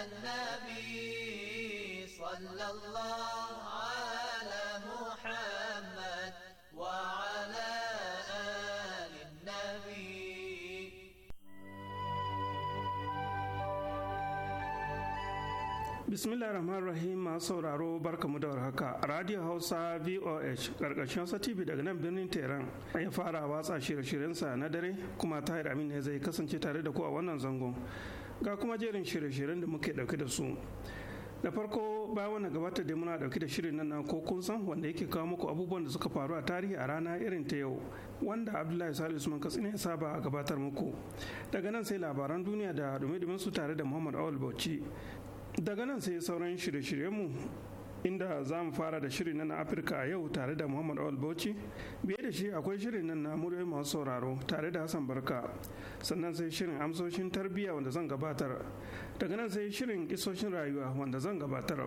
النبي صلى الله على محمد وعلى آل النبي bismillah rahman rahim masu sauraro barkamu da warhaka radio hausa voh karkashin sa tv daga nan birnin tehran ya fara watsa shirye-shiryensa na dare kuma tahir amin ne zai kasance tare da ku a wannan zangon ga kuma jerin shirye-shiryen da muke dauke da su da farko bayan wannan gabatar da muna dauke da shirin nan ko kun san wanda yake kawo muku abubuwan da suka faru a tarihi a rana irin ta yau wanda abdullahi sali usman katsina ya saba a gabatar muku daga nan sai labaran duniya da dumi su tare da muhammad awal bauchi daga nan sai sauran shirye-shiryenmu inda za mu fara da shirin nan na afirka a yau tare da muhammad awal bauchi biye da shi akwai shirin nan na muryoyi masu sauraro tare da hassan barka sannan sai shirin amsoshin tarbiyya wanda zan gabatar daga nan sai shirin kisoshin rayuwa wanda zan gabatar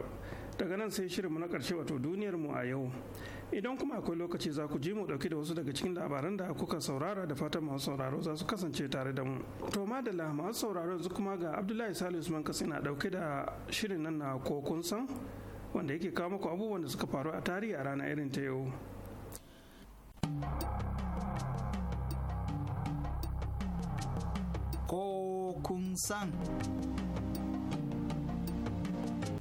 daga nan sai shirin na karshe wato duniyar mu a yau idan kuma akwai lokaci za ku ji mu dauki da wasu daga cikin labaran da kuka saurara da fatan masu sauraro za su kasance tare da mu to madalla masu sauraro yanzu kuma ga abdullahi salisu man kasina dauke da shirin nan na kokun san wanda yake kawo muku abubuwan da suka faru a tarihi a ranar irin ta yau ko kun san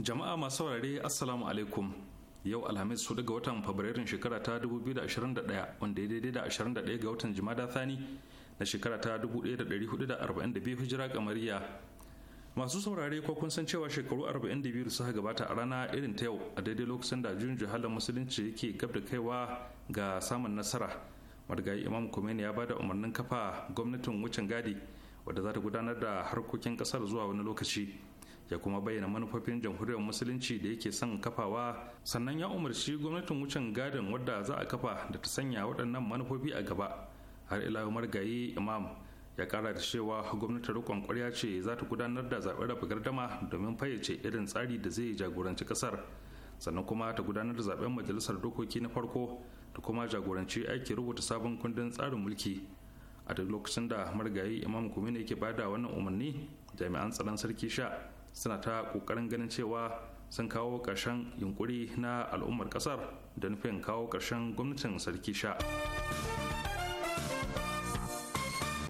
jama'a masu saurare assalamu alaikum yau alhamis su daga watan fabrairun shekara ta 2021 wanda ya daidai da 21 ga watan jimada thani na shekara ta 1442 hijira kamariya masu saurare ko kun san cewa shekaru 42 suka gabata a rana irin ta yau a daidai lokacin da juyin jihalar musulunci yake gab da kaiwa ga samun nasara marigayi imam Khomeini ya ba da umarnin kafa gwamnatin wucin gadi wadda za ta gudanar da harkokin kasar zuwa wani lokaci ya kuma bayyana manufofin jamhuriyar musulunci da yake son kafawa sannan ya umarci gwamnatin wucin gadin wadda za a kafa da ta sanya waɗannan manufofi a gaba har ila marigayi imam ya kara da cewa gwamnatin rikon kwarya ce za ta gudanar da zaɓen raba gardama domin fayyace irin tsari da zai jagoranci ƙasar sannan kuma ta gudanar da zaɓen majalisar dokoki na farko da kuma jagoranci aiki rubuta sabon kundin tsarin mulki a duk lokacin da marigayi imam kumina yake bada wannan umarni jami'an tsaron sarki sha suna ta ƙoƙarin ganin cewa sun kawo ƙarshen yunkuri na al'ummar ƙasar da nufin kawo ƙarshen gwamnatin sarki sha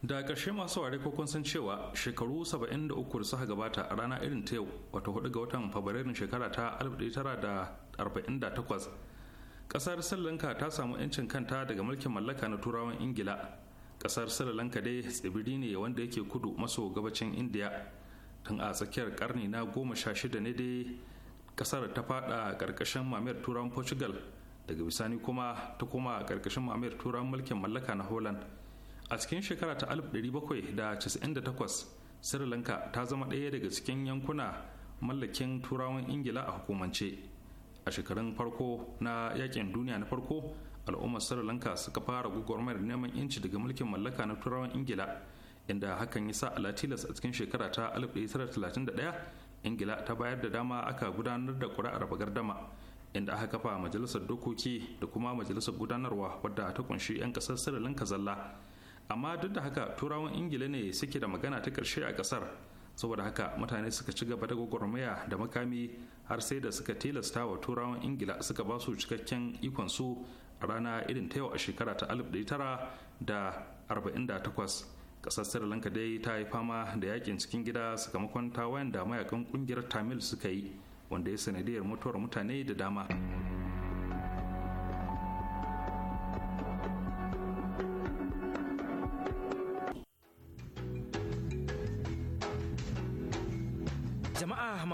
da ƙarshe masu ware kokon san cewa shekaru 73 da suka gabata a rana irin ta yau wato 4 ga watan fabrairun shekara ta 1948 ƙasar sallanka ta samu 'yancin kanta daga mulkin mallaka na turawan ingila ƙasar sallanka dai tsibiri ne wanda yake kudu maso gabacin indiya tun a tsakiyar karni na goma sha shida ne dai ƙasar ta fada ƙarƙashin mamayar turawan portugal daga bisani kuma ta koma ƙarƙashin mamayar turawan mulkin mallaka na holland a cikin shekara ta 1798 sri lanka ta zama ɗaya daga cikin yankuna mallakin turawan ingila a hukumance a shekarun farko na yakin duniya na farko al'ummar sri lanka suka fara gugurmar neman inci daga mulkin mallaka na turawan ingila inda hakan ya sa latilas a cikin shekara ta 1931 ingila ta bayar da dama aka gudanar da kuri'ar bagardama inda aka kafa majalisar dokoki da kuma majalisar gudanarwa wadda ta kunshi 'yan kasar sri lanka zalla amma duk da haka turawan ingila ne suke da magana ta karshe a kasar saboda haka mutane suka ci gaba da gwagwarmaya da makami har sai da suka tilasta wa turawan ingila suka ba su cikakken ikon su a rana irin ta yau a shekara ta 1948 kasar sri lanka dai ta yi fama da yakin cikin gida sakamakon tawayan da mayakan kungiyar tamil suka yi wanda ya sanadiyar mutuwar mutane da dama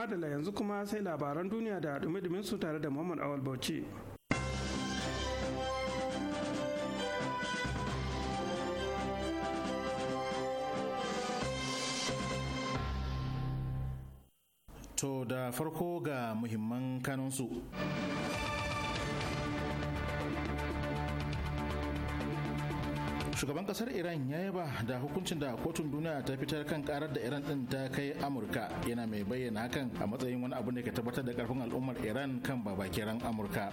madala yanzu kuma sai labaran duniya da dumi su tare da muhammad awal bauchi to da farko ga muhimman kanunsu. shugaban kasar iran ya yaba da hukuncin da kotun duniya ta fitar kan karar da iran din ta kai amurka yana mai bayyana hakan a matsayin wani abu ne ka tabbatar da karfin al'ummar iran kan babakiran amurka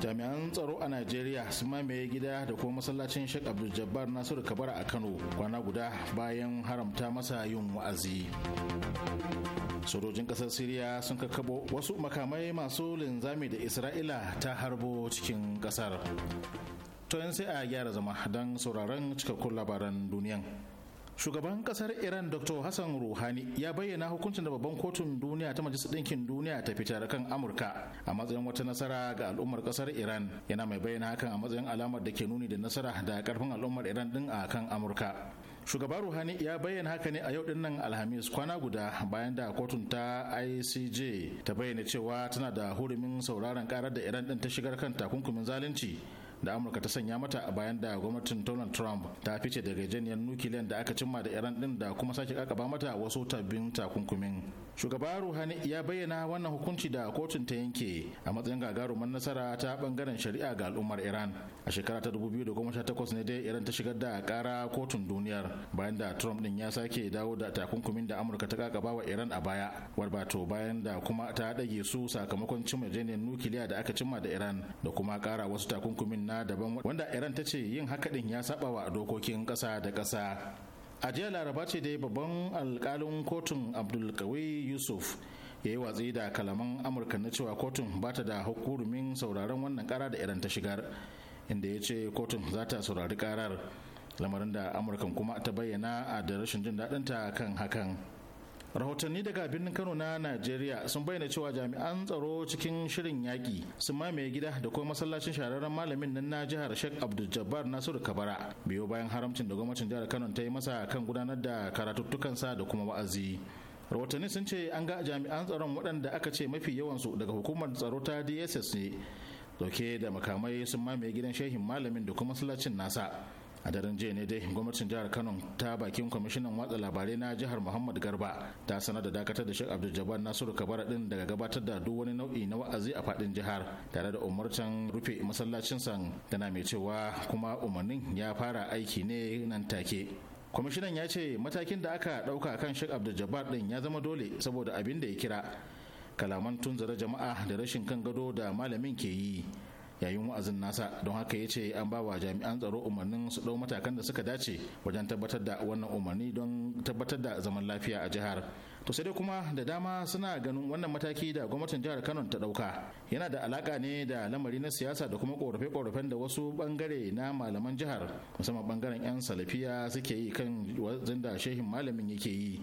jami'an tsaro a najeriya sun mamaye gida da kuma masallacin sheikh abdul jabbar nasiru kabara a kano kwana guda bayan haramta masa yin wa'azi sojojin kasar siriya sun kakabo wasu makamai masu linzami da isra'ila ta harbo cikin kasar to yanzu sai a gyara zama don sauraron cikakkun labaran duniyan shugaban kasar iran dr hassan ruhani ya bayyana hukuncin da babban kotun duniya ta majalisar ɗinkin duniya ta fitar kan amurka a matsayin wata nasara ga al'ummar kasar iran yana mai bayyana hakan a matsayin alamar da ke nuni da nasara da karfin al'ummar iran din a kan amurka Shugaban ruhani ya bayyana haka ne a yau din nan alhamis kwana guda bayan da kotun ta icj ta bayyana cewa tana da hurumin sauraron karar da iran din ta shigar kan takunkumin zalunci da amurka ta sanya mata a bayan da gwamnatin donald trump ta fice daga janiyar nukiliyan da aka cimma da iran din da kuma sake kakaba mata wasu tabbin takunkumin shugaba ruhani ya bayyana wannan hukunci da kotun ta yanke a matsayin gagarumar nasara ta bangaren shari'a ga al'ummar iran a shekara ta 2018 ne dai iran ta shigar da kara kotun duniyar bayan da trump din ya sake dawo da takunkumin da amurka ta kakaba wa iran a baya warbato bayan da kuma ta dage su sakamakon cimma janiyar nukiliya da aka cimma da iran da kuma kara wasu takunkumin na na daban wanda iran ta ce yin haka din ya saba wa dokokin kasa da kasa a jiya laraba ce dai babban alkalin kotun abdulkawi yusuf ya yi watsi da kalaman amurka na cewa kotun ba ta da hukurumin sauraron wannan kara da iran ta shigar inda ya ce kotun za ta saurari karar lamarin da amurkan kuma ta bayyana a da rashin jin daɗinta kan hakan rahotanni daga birnin kano na najeriya sun bayyana cewa jami'an tsaro cikin shirin yaƙi sun mamaye gida da kuma masallacin shahararren malamin nan na jihar sheikh abdul nasiru kabara biyo bayan haramcin da gwamnatin jihar kano ta yi masa kan gudanar da karatuttukansa da kuma wa'azi rahotanni sun ce an ga jami'an tsaron waɗanda aka ce mafi yawansu daga hukumar tsaro ta dss ne dauke da makamai sun mamaye gidan shehin malamin da kuma masallacin nasa a daren jiya ne dai gwamnatin jihar kano ta bakin kwamishinan watsa labarai na jihar muhammad garba ta sanar da dakatar da shek abdul nasiru kabara din daga gabatar da duk wani nau'i na wa'azi a fadin jihar tare da umartan rufe masallacin san tana mai cewa kuma umarnin ya fara aiki ne nan take kwamishinan ya ce matakin da aka dauka kan shek abdul jabbar din ya zama dole saboda abin da ya kira kalaman tunzara jama'a da rashin kan gado da malamin ke yi yayin wa'azin nasa don haka ya ce an ba wa jami'an tsaro umarnin su dau matakan da suka dace wajen tabbatar da wannan umarni don tabbatar da zaman lafiya a jihar to sai dai kuma da dama suna ganin wannan mataki da gwamnatin jihar kano ta dauka yana da alaka ne da lamari na siyasa da kuma korafe-korafen da wasu bangare na malaman jihar musamman bangaren 'yan salafiya suke yi kan wazin da shehin malamin yake yi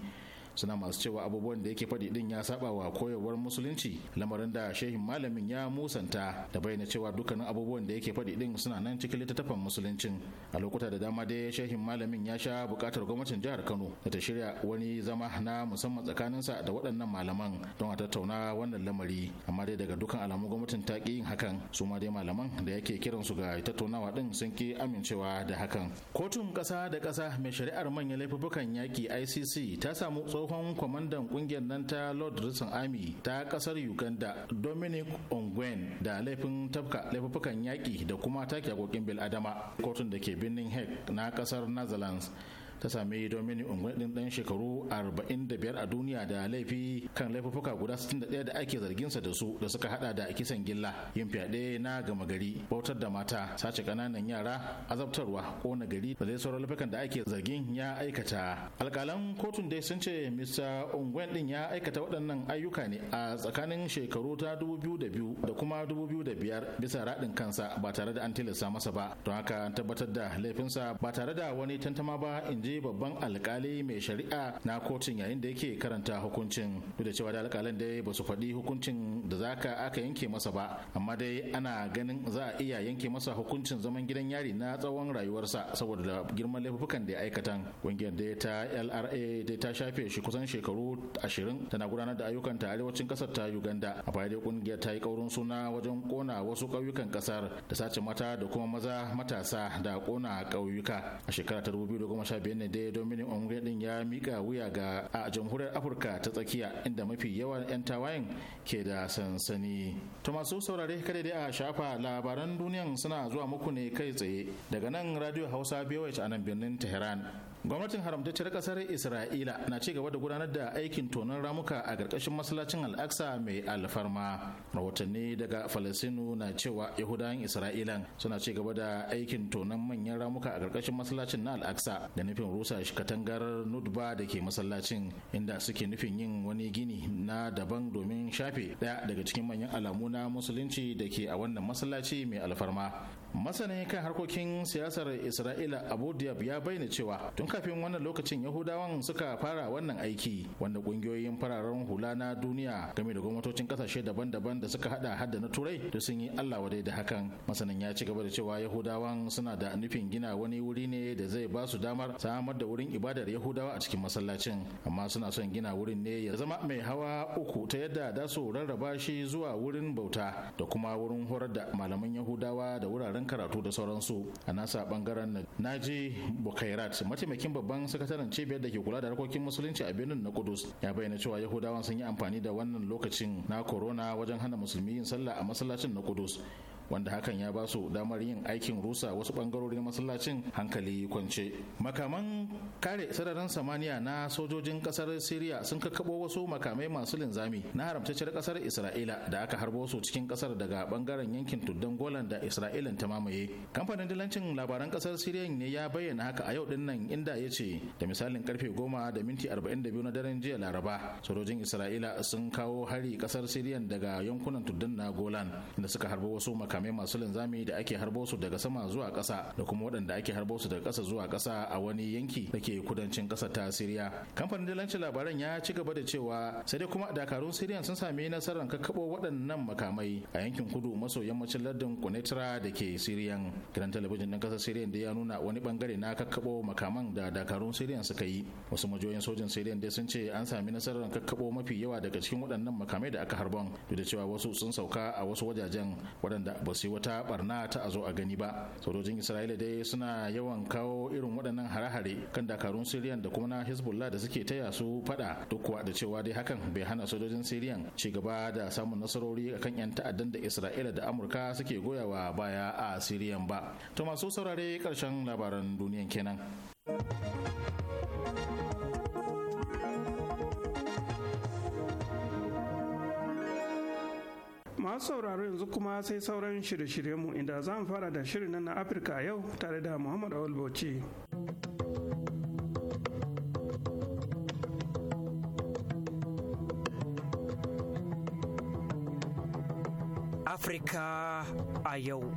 suna masu cewa abubuwan da yake faɗi din ya saba wa koyarwar musulunci lamarin da shehin malamin ya musanta da bayyana cewa dukkanin abubuwan da yake faɗi din suna nan cikin littattafan musuluncin a lokuta da dama dai shehin malamin ya sha buƙatar gwamnatin jihar Kano da ta shirya wani zama na musamman tsakaninsa da waɗannan malaman don a tattauna wannan lamari amma dai daga dukkan alamu gwamnatin ta ƙi yin hakan su ma dai malaman da yake kiran su ga tattaunawa din sun ki amincewa da hakan kotun ƙasa da ƙasa mai shari'ar manyan laifukan yaƙi ICC ta samu tsohon kwamandan kungiyar nan ta lord rison army ta kasar uganda dominic ongwen da laifin tafka laifukan yaƙi da kuma take bil bil'adama kotun da ke birnin hague na kasar netherlands ta sami domin ongwen din dan shekaru 45 a duniya da laifi kan laifuffuka guda 61 da ake zarginsa da su da suka hada da kisan gilla yin fyaɗe na gama gari bautar da mata sace kananan yara azabtarwa kona gari da dai sauran laifukan da ake zargin ya aikata alkalan kotun dai sun ce mr unguwa din ya aikata waɗannan ayyuka ne a tsakanin shekaru ta 2002 da kuma 2005 bisa raɗin kansa ba tare da an tilasta masa ba don haka an tabbatar da laifinsa ba tare da wani tantama ba in je babban alkali mai shari'a na kotun yayin da yake karanta hukuncin duk da cewa da alkalin dai ba su faɗi hukuncin da zaka aka yanke masa ba amma dai ana ganin za a iya yanke masa hukuncin zaman gidan yari na tsawon rayuwarsa saboda girman laifukan da ya aikata. ƙungiyar da ta LRA da ta shafe shi kusan shekaru 20 tana gudanar da ayyukan ta arewacin kasar ta Uganda a baya dai ƙungiyar ta yi kaurin suna wajen kona wasu ƙauyukan kasar da sace mata da kuma maza matasa da kona ƙauyuka a shekara ta 2015 ne dai Dominin ongwe din ya mika wuya ga a jamhuriyar afirka ta tsakiya inda mafi yawan 'yan tawayen ke da sansani to masu saurare kada dai a shafa labaran duniyan suna zuwa muku ne kai tsaye daga nan radio hausa bwh a nan birnin tehran gwamnatin haramtacciyar kasar isra'ila na ci gaba da gudanar da aikin tonon ramuka a ƙarƙashin masallacin al'aksa mai alfarma rahotanni daga falasinu na cewa yahudawan isra'ilan suna ci gaba da aikin tonon manyan ramuka a ƙarƙashin masallacin na al'aksa da nufin rusa katangar nudba da ke masallacin inda suke nufin yin wani gini na daban domin shafe ɗaya daga cikin manyan alamu na musulunci da ke a wannan masallaci mai alfarma masanin kan harkokin siyasar isra'ila abu diab ya bayyana cewa tun kafin wannan lokacin yahudawan suka fara wannan aiki wanda kungiyoyin fararen hula na duniya game da gwamnatocin kasashe daban-daban da suka hada hadda na turai da sun yi allah wadai da hakan masanin ya ci gaba da cewa yahudawan suna da nufin gina wani wuri ne da zai ba su damar samar da wurin ibadar yahudawa a cikin masallacin amma suna son gina wurin ne ya zama mai hawa uku ta yadda za su rarraba shi zuwa wurin bauta da kuma wurin horar da malaman yahudawa da wuraren karatu da sauransu a nasa bangaren naji bukairat mataimakin babban sakataren cibiyar da ke kula da harkokin musulunci a birnin na kudus ya bayyana cewa yahudawan sun yi amfani da wannan lokacin na corona wajen hana musulmi yin sallah a masallacin na kudus wanda hakan ya ba su damar yin aikin rusa wasu bangarori na masallacin hankali kwance makaman kare sararin samaniya na sojojin kasar syria sun kakkabo wasu makamai masu linzami na haramtacciyar kasar isra'ila da aka harbo su cikin kasar daga bangaren yankin tuddan golan da isra'ilan ta mamaye kamfanin dilancin labaran kasar syria ne ya bayyana haka a yau din nan inda ya ce da misalin karfe goma da minti 42 na daren jiya laraba sojojin isra'ila sun kawo hari kasar syria daga yankunan tuddan na golan da suka harbo wasu makamai makamai masu linzami da ake harbo su daga sama zuwa kasa da kuma wadanda ake harbo su daga kasa zuwa kasa a wani yanki da ke kudancin ƙasar ta Siriya. Kamfanin dalancin labaran ya ci gaba da cewa sai dai kuma dakarun Siriyan sun sami nasarar kakkaɓo waɗannan makamai a yankin kudu maso yammacin lardin Kunetra da ke Siriyan. Gidan talabijin ɗin ƙasar Siriyan da ya nuna wani bangare na kakkaɓo makaman da dakarun Siriyan suka yi. Wasu majoyin sojin Siriyan dai sun ce an sami nasarar kakkaɓo mafi yawa daga cikin waɗannan makamai da aka harbon duk da cewa wasu sun sauka a wasu wajajen waɗanda ba su wata barna ta a zo a gani ba sojojin isra'ila dai suna yawan kawo irin waɗannan hare-hare kan dakarun siriyan da kuma na hezbollah da suke taya su faɗa. duk kuwa da cewa dai hakan bai hana sojojin siriyan ci gaba da samun nasarori akan yan ta'addan da isra'ila da amurka suke goyawa baya a siriyan ba to masu saurare karshen labaran duniyan kenan masu sauraro yanzu kuma sai sauran shirye-shiryenmu inda za mu fara da shirin nan na afirka a yau tare da muhammad awal bauchi afirka a yau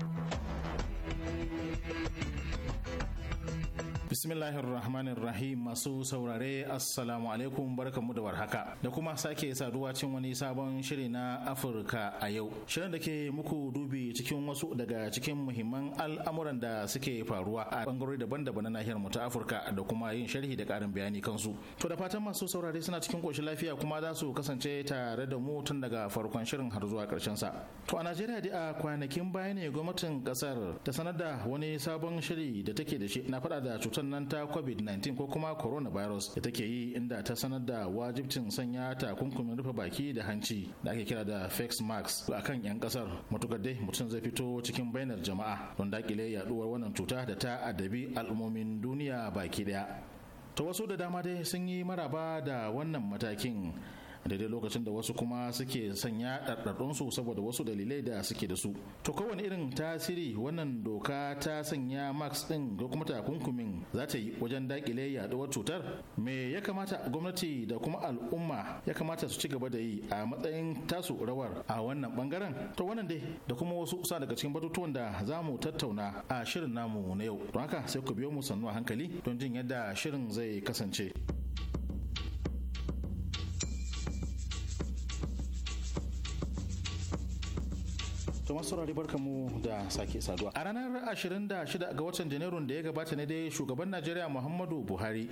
Bismillahir Rahmanir Rahim masu saurare Assalamu alaikum mu da warhaka da kuma sake saduwa cin wani sabon shiri na Afirka a yau. Shirin da ke muku dubi cikin wasu daga cikin muhimman al'amuran da suke faruwa a bangarori daban-daban na nahiyar mu ta Afirka da kuma yin sharhi da karin bayani kansu. To da fatan masu saurare suna cikin koshin lafiya kuma za su kasance tare da mu tun daga farkon shirin har zuwa karshen sa. To a Najeriya dai a kwanakin baya ne gwamnatin kasar ta sanar da wani sabon shiri da take da shi na faɗa da cutar sannan ta covid-19 ko kuma coronavirus da take yi inda ta sanar da wajibcin sanya takunkumin rufe baki da hanci da ake kira da face mask a kan 'yan kasar matukar dai mutum zai fito cikin bainar jama'a don dakile yaduwar wannan cuta da ta addabi al'ummomin duniya baki daya ta wasu da dama dai sun yi maraba da wannan matakin daidai lokacin da wasu kuma suke sanya su saboda wasu dalilai da suke da su to kowane irin tasiri wannan doka ta sanya max ɗin ko kuma takunkumin za ta yi wajen dakile yaɗuwar cutar me ya kamata gwamnati da kuma al'umma ya kamata su ci gaba da yi a matsayin tasu rawar a wannan bangaren to wannan dai da kuma wasu sa daga cikin batutuwan da za mu tattauna a shirin namu na yau don haka sai ku biyo mu sannu a hankali don jin yadda shirin zai kasance. To masu saurari barka mu da sake saduwa. A ranar 26 ga watan Janairun da ya gabata ne dai shugaban Najeriya Muhammadu Buhari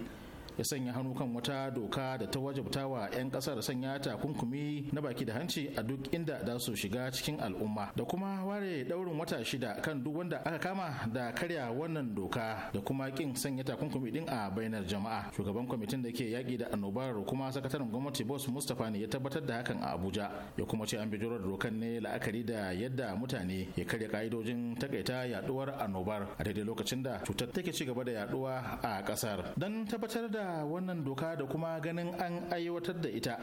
ya sanya hannu kan wata doka da ta wajabta wa 'yan kasar sanya takunkumi na baki da hanci a duk inda za su shiga cikin al'umma da kuma ware daurin wata shida kan duk wanda aka kama da karya wannan doka da kuma kin sanya takunkumi din a bainar jama'a shugaban kwamitin da ke yaki da annobar kuma sakataren gwamnati boss mustapha ne ya tabbatar da hakan a abuja ya kuma ce an bidiro da dokan ne la'akari da yadda mutane ya karya ka'idojin takaita yaduwar annobar a daidai lokacin da cutar take ci gaba da yaduwa a kasar don tabbatar da da wannan doka da kuma ganin an aiwatar da ita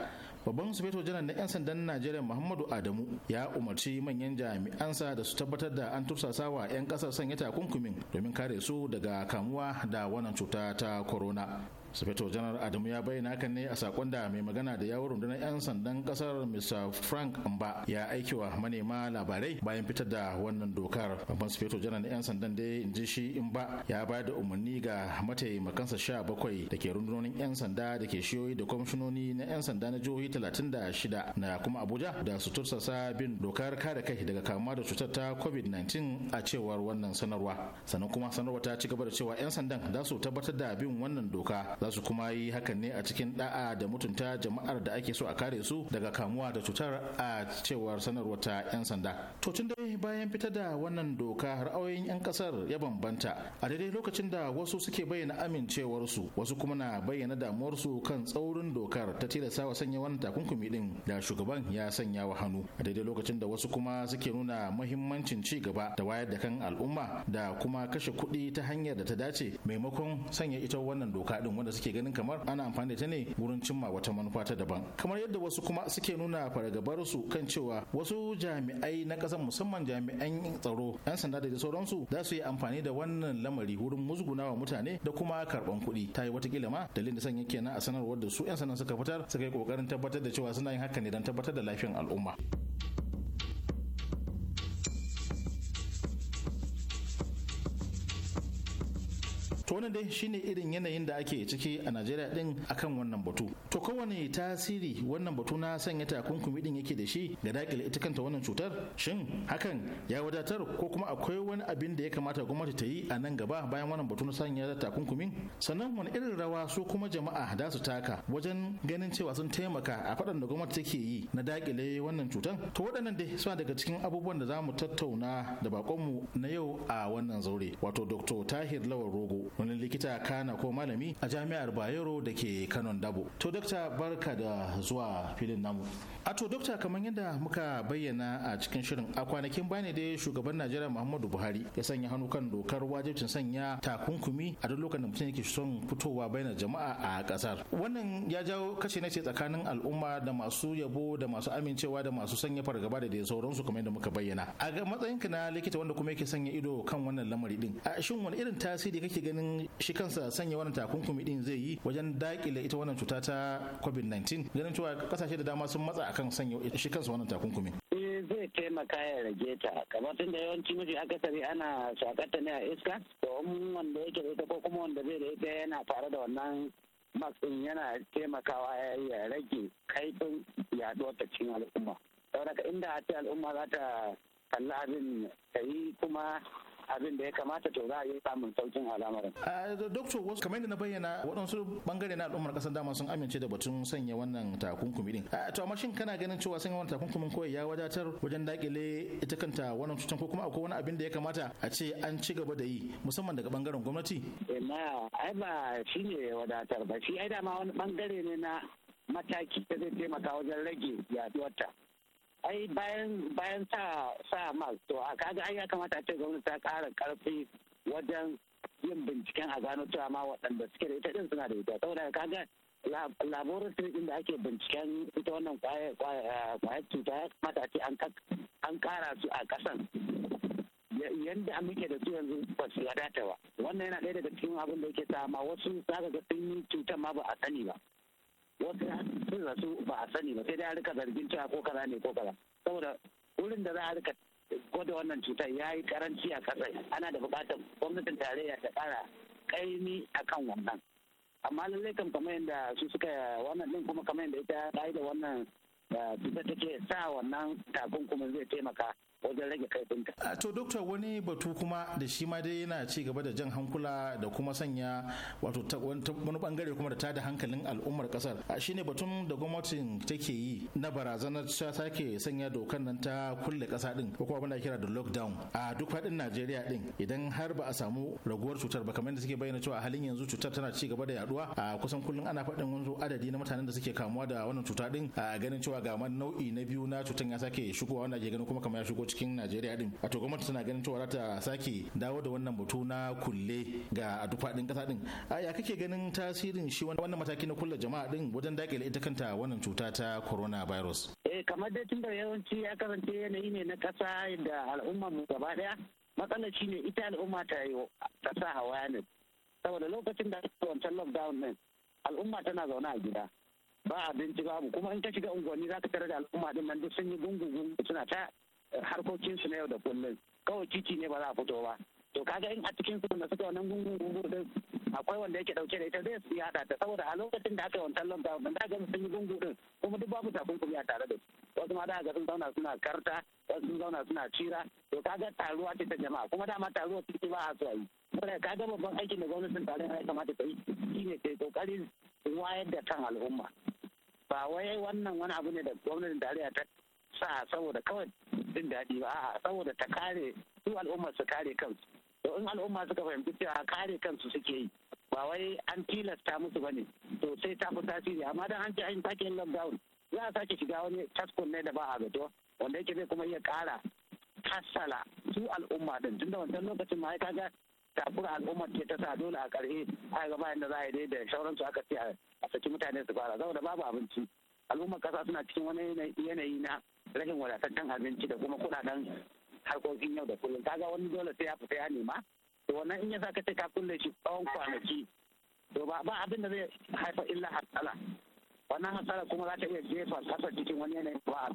babban sufeto janar na 'yan sandan najeriya muhammadu adamu ya umarci manyan jami'ansa da su tabbatar da an tursasa wa 'yan kasar sanya takunkumin domin kare su daga kamuwa da wannan cuta ta corona sufeto janar adamu ya bayyana hakan ne a sakon da mai magana da yawon rundunar 'yan sandan kasar mr frank mba ya aikiwa manema labarai bayan fitar da wannan dokar babban sufeto janar 'yan sandan da in ji shi in ba ya bayar da umarni ga mataimakansa sha bakwai da ke rundunonin 'yan sanda da ke shiyoyi da kwamishinoni na 'yan sanda na jihohi talatin da shida na kuma abuja da su tursasa bin dokar kare kai daga kamuwa da cutar ta covid-19 a cewar wannan sanarwa sannan kuma sanarwa ta ci gaba da cewa 'yan sandan za su tabbatar da bin wannan doka za su kuma yi hakan ne a cikin da'a da mutunta jama'ar da ake so a kare su daga kamuwa da cutar a cewar sanarwar ta 'yan sanda to tun dai bayan fita da wannan doka ra'ayoyin 'yan kasar ya bambanta a daidai lokacin da wasu suke bayyana amincewarsu wasu kuma na bayyana damuwar su kan tsaurin dokar ta tilasta wa sanya wannan takunkumi din da shugaban ya sanya wa hannu a daidai lokacin da wasu kuma suke nuna muhimmancin ci gaba da wayar da kan al'umma da kuma kashe kuɗi ta hanyar da ta dace maimakon sanya ita wannan doka din da suke ganin kamar ana amfani da ta ne wurin cimma wata manufa ta daban kamar yadda wasu kuma suke nuna fargabar su kan cewa wasu jami'ai na kasan musamman jami'an tsaro 'yan sanda da sauransu za su yi amfani da wannan lamari wurin wa mutane da kuma karɓan kuɗi ta yi watakila ma dalilin da sanya kenan a sanarwar da su 'yan sanda suka fitar suka yi ƙoƙarin tabbatar da cewa suna yin haka ne don tabbatar da lafiyan al'umma. wannan dai shine irin yanayin da ake ciki a najeriya din akan wannan batu to kowane tasiri wannan batu na sanya takunkumi din yake da shi ga dakile ita kanta wannan cutar shin hakan ya wadatar ko kuma akwai wani abin da ya kamata gwamnati ta yi a nan gaba bayan wannan batu na sanya takunkumin sannan wani irin rawa su kuma jama'a da su taka wajen ganin cewa sun taimaka a faɗan da gwamnati take yi na dakile wannan cutar to waɗannan dai suna daga cikin abubuwan da za mu tattauna da bakonmu na yau a wannan zaure wato dr tahir lawal rogo wani likita kana ko malami a jami'ar bayero da ke kanon dabo to dokta barka da zuwa filin namu a to dokta kamar yadda muka bayyana a cikin shirin a kwanakin bane dai shugaban najeriya muhammadu buhari ya sanya hannu kan dokar wajibcin sanya takunkumi a duk lokacin da mutum yake son fitowa bayan jama'a a kasar wannan ya jawo kashe na ce tsakanin al'umma da masu yabo da masu amincewa da masu sanya fargaba da dai sauransu kamar yadda muka bayyana a ga matsayinka na likita wanda kuma yake sanya ido kan wannan lamari din a shin wani irin tasiri kake ganin shi kansa sanya wannan takunkumi din zai yi wajen dakile ita wannan cuta ta covid-19 ganin cewa kasashe da dama sun matsa akan sanya shi kansa wannan takunkumi eh, zai taimaka ya rage ta kamar tun da yawanci mafi akasari ana ta ne a iska to wanda yake da ita ko kuma wanda zai da ita yana tare da wannan matsin yana taimakawa ya rage kaifin yaduwar ta cikin al'umma saboda inda a ce al'umma za ta kalla abin ta yi kuma abin da ya kamata to za a yi samun saukin al'amarin. Doktor wasu kamar yadda na bayyana waɗansu bangare na al'ummar ƙasar dama sun amince da batun sanya wannan takunkumi din. To amma shin kana ganin cewa sanya wannan takunkumin kawai ya wadatar wajen dakile ita kanta wannan cutar ko kuma akwai wani abin da ya kamata a ce an ci gaba da yi musamman daga bangaren gwamnati? Ina eh, ai ba shi ne wadatar ba shi ai dama wani bangare ne na mataki da zai taimaka wajen rage yaduwarta. ai bayan bayan sa sa mark a kaga ai ya kamata ce gwamnati ta ƙara ƙarfi wajen yin binciken a gano cewa ma waɗanda suke da ita din suna da ita saboda kaga laboratory din da ake binciken ita wannan kwayar cuta ya kamata ce an ƙara su a ƙasan yadda muke da su yanzu ba su wadata ba wannan yana ɗaya daga cikin abin da yake sa ma wasu zaka ga sun yi cutar ma ba a sani ba wasu sun rasu ba a sani ba sai dai a rika zargin cewa ko kaza ne ko kaza saboda wurin da za a rika gwada wannan cutar ya yi karanci a kasar ana da buƙatar gwamnatin tarayya ta ƙara ƙaimi a kan wannan amma lallai kan kamar yadda su suka wannan ɗin kuma kamar yadda ita da wannan eh, cutar take sa wannan takunkumin zai taimaka wajen rage kaifinta. A ah, to doktor wani batu kuma da shi ma dai yana ci gaba da jan hankula da kuma sanya wato wani bangare kuma da tada hankalin al'ummar kasar ah, shine batun da gwamnatin take yi na barazanar ta sake sanya dokar nan ta kulle kasa din ko kuma abin kira da lockdown a duk faɗin Najeriya din idan har ba a samu raguwar cutar ba kamar da suke bayyana cewa a halin yanzu cutar tana ci gaba da yaduwa a kusan kullum ana faɗin wanzu adadi na mutanen da suke kamuwa da wannan cuta din a ganin cewa ga nau'i na biyu na cutar ya sake shigowa wanda ke ganin kuma kamar ya shigo cikin najeriya din to gwamnati tana ganin cewa ta sake dawo da wannan batu na kulle ga a duk ƙasa din a ya kake ganin tasirin shi wannan mataki na kulle jama'a din wajen dakile ita kanta wannan cuta ta coronavirus eh kamar dai tun da yawanci ya kasance yanayi ne na ƙasa da al'umma mu gaba ɗaya matsalar shi ne ita al'umma ta yi ƙasa hawaya ne saboda lokacin da ake wancan lockdown din al'umma tana zaune a gida ba abinci babu kuma in ka shiga unguwanni za ka tare da al'umma din nan duk sun yi gungun suna ta harkokinsu na yau da kullum kawai titi ne ba za a fito ba to kaga in a cikin su na suka wannan gungun gungun din akwai wanda yake dauke da ita zai su yada ta saboda a lokacin da aka yi wancan lockdown da ga sun yi gungun din kuma duk babu takunkumi a tare da su wasu ma daga sun zauna suna karta wasu sun zauna suna cira to kaga taruwa ce ta jama'a kuma dama taruwa ce ba a so a yi saboda kaga babban aikin da gwamnatin tare ya kamata ta yi shine ta ke kokarin wayar da kan al'umma ba wai wannan wani abu ne da gwamnatin tarayya ta sa saboda kawai jin daɗi ba a saboda ta kare su al'ummar su kare kansu to in al'umma suka fahimci cewa kare kansu suke yi ba wai an tilasta musu bane to sai ta fi tasiri amma dan an ce an sake yin lockdown za a sake shiga wani taskon ne da ba a zato wanda yake zai kuma iya ƙara hassala su al'umma din tun da wancan lokacin ma ga takura al'ummar ce ta sa dole a ƙarshe a ga bayan da za a yi da sauransu aka ce a saki mutane su fara saboda babu abinci al'ummar ƙasa suna cikin wani yanayi na rashin wadataccen abinci da kuma kuɗaɗen harkokin yau da kullum kaga wani dole sai ya fita ya nema to wannan in ya sa ka ce ka kulle shi tsawon kwanaki to ba ba abin da zai haifa illa hasala wannan hasara kuma za ta iya jefa kasar cikin wani yanayin ba a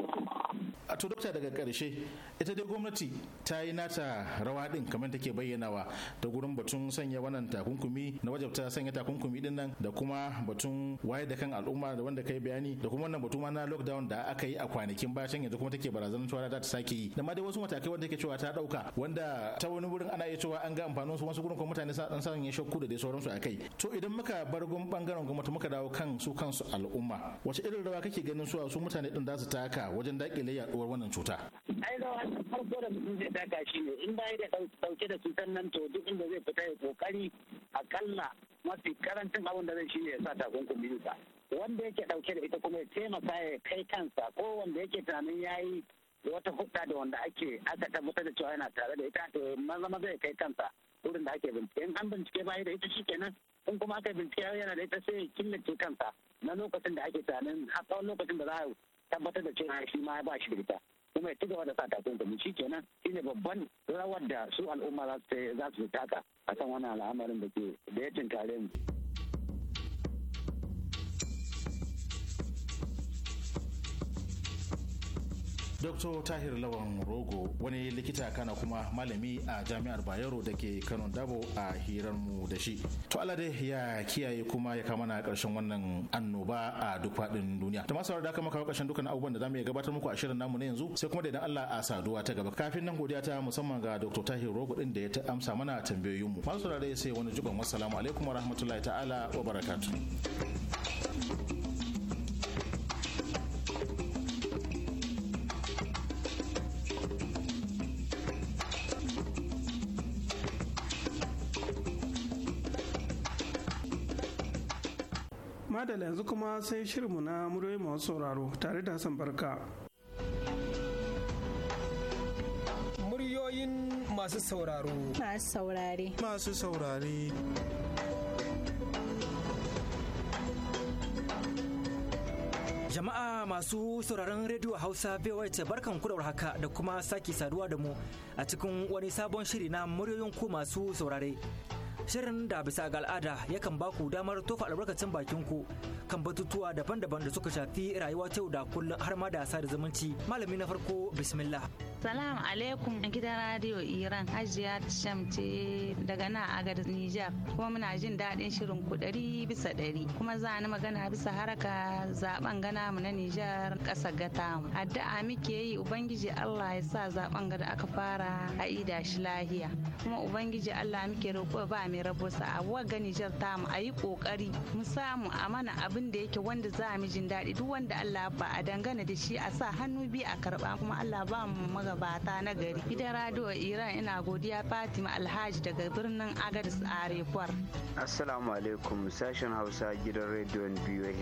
a to dokta daga karshe ita dai gwamnati ta yi nata rawa din kamar take bayyanawa da gurin batun sanya wannan takunkumi na wajabta sanya takunkumi din nan da kuma batun waye da kan al'umma da wanda kai bayani da kuma wannan batu ma na lockdown da aka yi a kwanakin bayan yanzu kuma take barazanar cewa za ta sake yi da ma dai wasu matakai wanda take cewa ta dauka wanda ta wani wurin ana iya cewa an ga amfanin su wasu gurin kuma mutane sa dan sanya shakku da dai sauransu akai to idan muka bar gun bangaren gwamnati muka dawo kan su kansu al'umma al'umma wace irin rawa kake ganin su su mutane din za su taka wajen dakile yaduwar wannan cuta ai rawa farko da mutum zai taka shi ne in bai da dauke da cutar nan to duk inda zai fita ya kokari akalla mafi karancin abin da zai shi ne ya sa takunkumin ba wanda yake dauke da ita kuma ya taimaka ya kai kansa ko wanda yake tunanin yayi wata hudda da wanda ake aka tabbatar da cewa yana tare da ita to maza maza ya kai kansa wurin da ake bincike in an bincike baya da ita shi kenan in kuma aka bincike yana da ita sai ya killace kansa na lokacin da ake tunanin har tsawon lokacin da za a tabbatar da cewa shi ma ba shi da ita kuma ya ci gaba da sa takunkumi shi kenan shi ne babban rawar da su al'umma za su taka a kan wannan al'amarin da ke da ya tunkare mu. dr tahir lawan rogo wani likita kana kuma malami a jami'ar bayero da ke kano dabo a hirarmu da shi to alade ya kiyaye kuma ya kama na karshen wannan annoba a duk faɗin duniya da masu da aka maka karshen dukkan abubuwan da zamu iya gabatar muku a shirin namu na yanzu sai kuma da idan Allah a saduwa ta gaba kafin nan godiya ta musamman ga dr tahir rogo din da ya amsa mana tambayoyinmu masu saurare sai wani jigon wassalamu alaikum wa rahmatullahi ta'ala wa barakatuh madala yanzu kuma sai shirinmu na muryoyi masu sauraro tare da hassan barka muryoyin masu sauraro masu saurare masu saurare Jama'a masu sauraron rediyo Hausa ta barkan kudawar haka da kuma sake saduwa da mu a cikin wani sabon shiri na muryoyin ku masu saurare. Shirin da bisa ga al'ada yakan ba ku damar tofa albarkacin bakin ku kan batutuwa daban-daban da suka shafi rayuwa ta yau da kullum har ma da sada zumunci. Malami na farko bismillah. Salam alaikum gidan Radio Iran Hajiya Sham ce daga nan Agar Nijar kuma muna jin daɗin shirin ku ɗari bisa ɗari kuma za ni magana bisa haraka zaben gana mu na Nijar ƙasa gata mu. Addu'a muke yi Ubangiji Allah ya sa zaben gada aka fara a ida shi lahiya kuma Ubangiji Allah muke roƙo ba mai rabo sa a ga Nijar ta mu a yi ƙoƙari mu samu a mana abin da yake wanda za mu jin daɗi duk wanda Allah ba a dangana da shi a sa hannu biyu a karɓa kuma Allah ba mu maga magabata na gari gidan radio iran ina godiya fatima alhaji daga birnin agadis arekwar assalamu alaikum sashen hausa gidan rediyon boh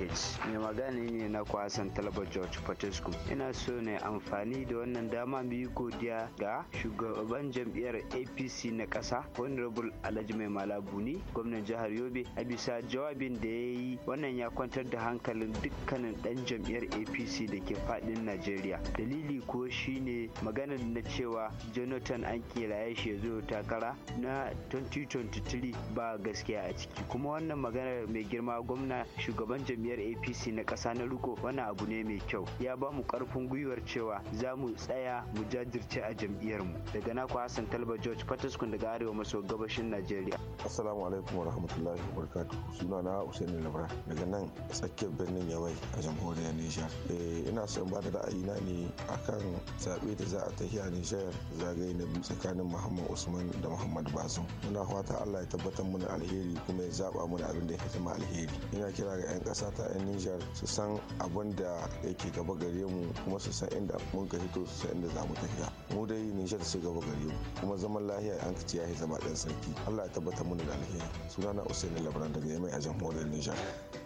mai magana ne na kwasan talaba george patescu ina so ne amfani da wannan dama mu yi godiya ga shugaban jam'iyyar apc na ƙasa honorable alhaji mai malabuni gwamnan jihar yobe a bisa jawabin da ya yi wannan ya kwantar da hankalin dukkanin ɗan jam'iyyar apc da ke fadin najeriya dalili ko shine magana maganar na cewa jonathan an kiraye shi ya zo takara na 2023 ba gaskiya a ciki kuma wannan maganar mai girma gwamna shugaban jam'iyyar apc na ƙasa na riko wani abu ne mai kyau ya ba mu ƙarfin gwiwar cewa za mu tsaya mu jajirce a jam'iyyar mu daga naku hassan talba george fataskun daga arewa maso gabashin najeriya assalamu alaikum wa rahmatullahi wa barakatuhu suna na usaini labra daga nan tsakiyar birnin yawai a jamhuriyar nijar eh, ina son ba da na ne akan zaɓe da za a a tahiya Nijar zagaye na biyu tsakanin Muhammad Usman da Muhammad Bazum. Muna fata Allah ya tabbatar mana alheri kuma ya zaba mana abin da ya fi alheri. Ina kira ga 'yan ƙasa ta 'yan Nijar su san abin da yake gaba gare mu kuma su san inda mun ka hito su san inda za mu tafiya. Mu dai Nijar su gaba gare mu kuma zaman lahiya an kaci ya yi zama ɗan sarki. Allah ya tabbatar mana da alheri. Sunana Usaini labaran daga Yamai a jamhuriyar Nijar.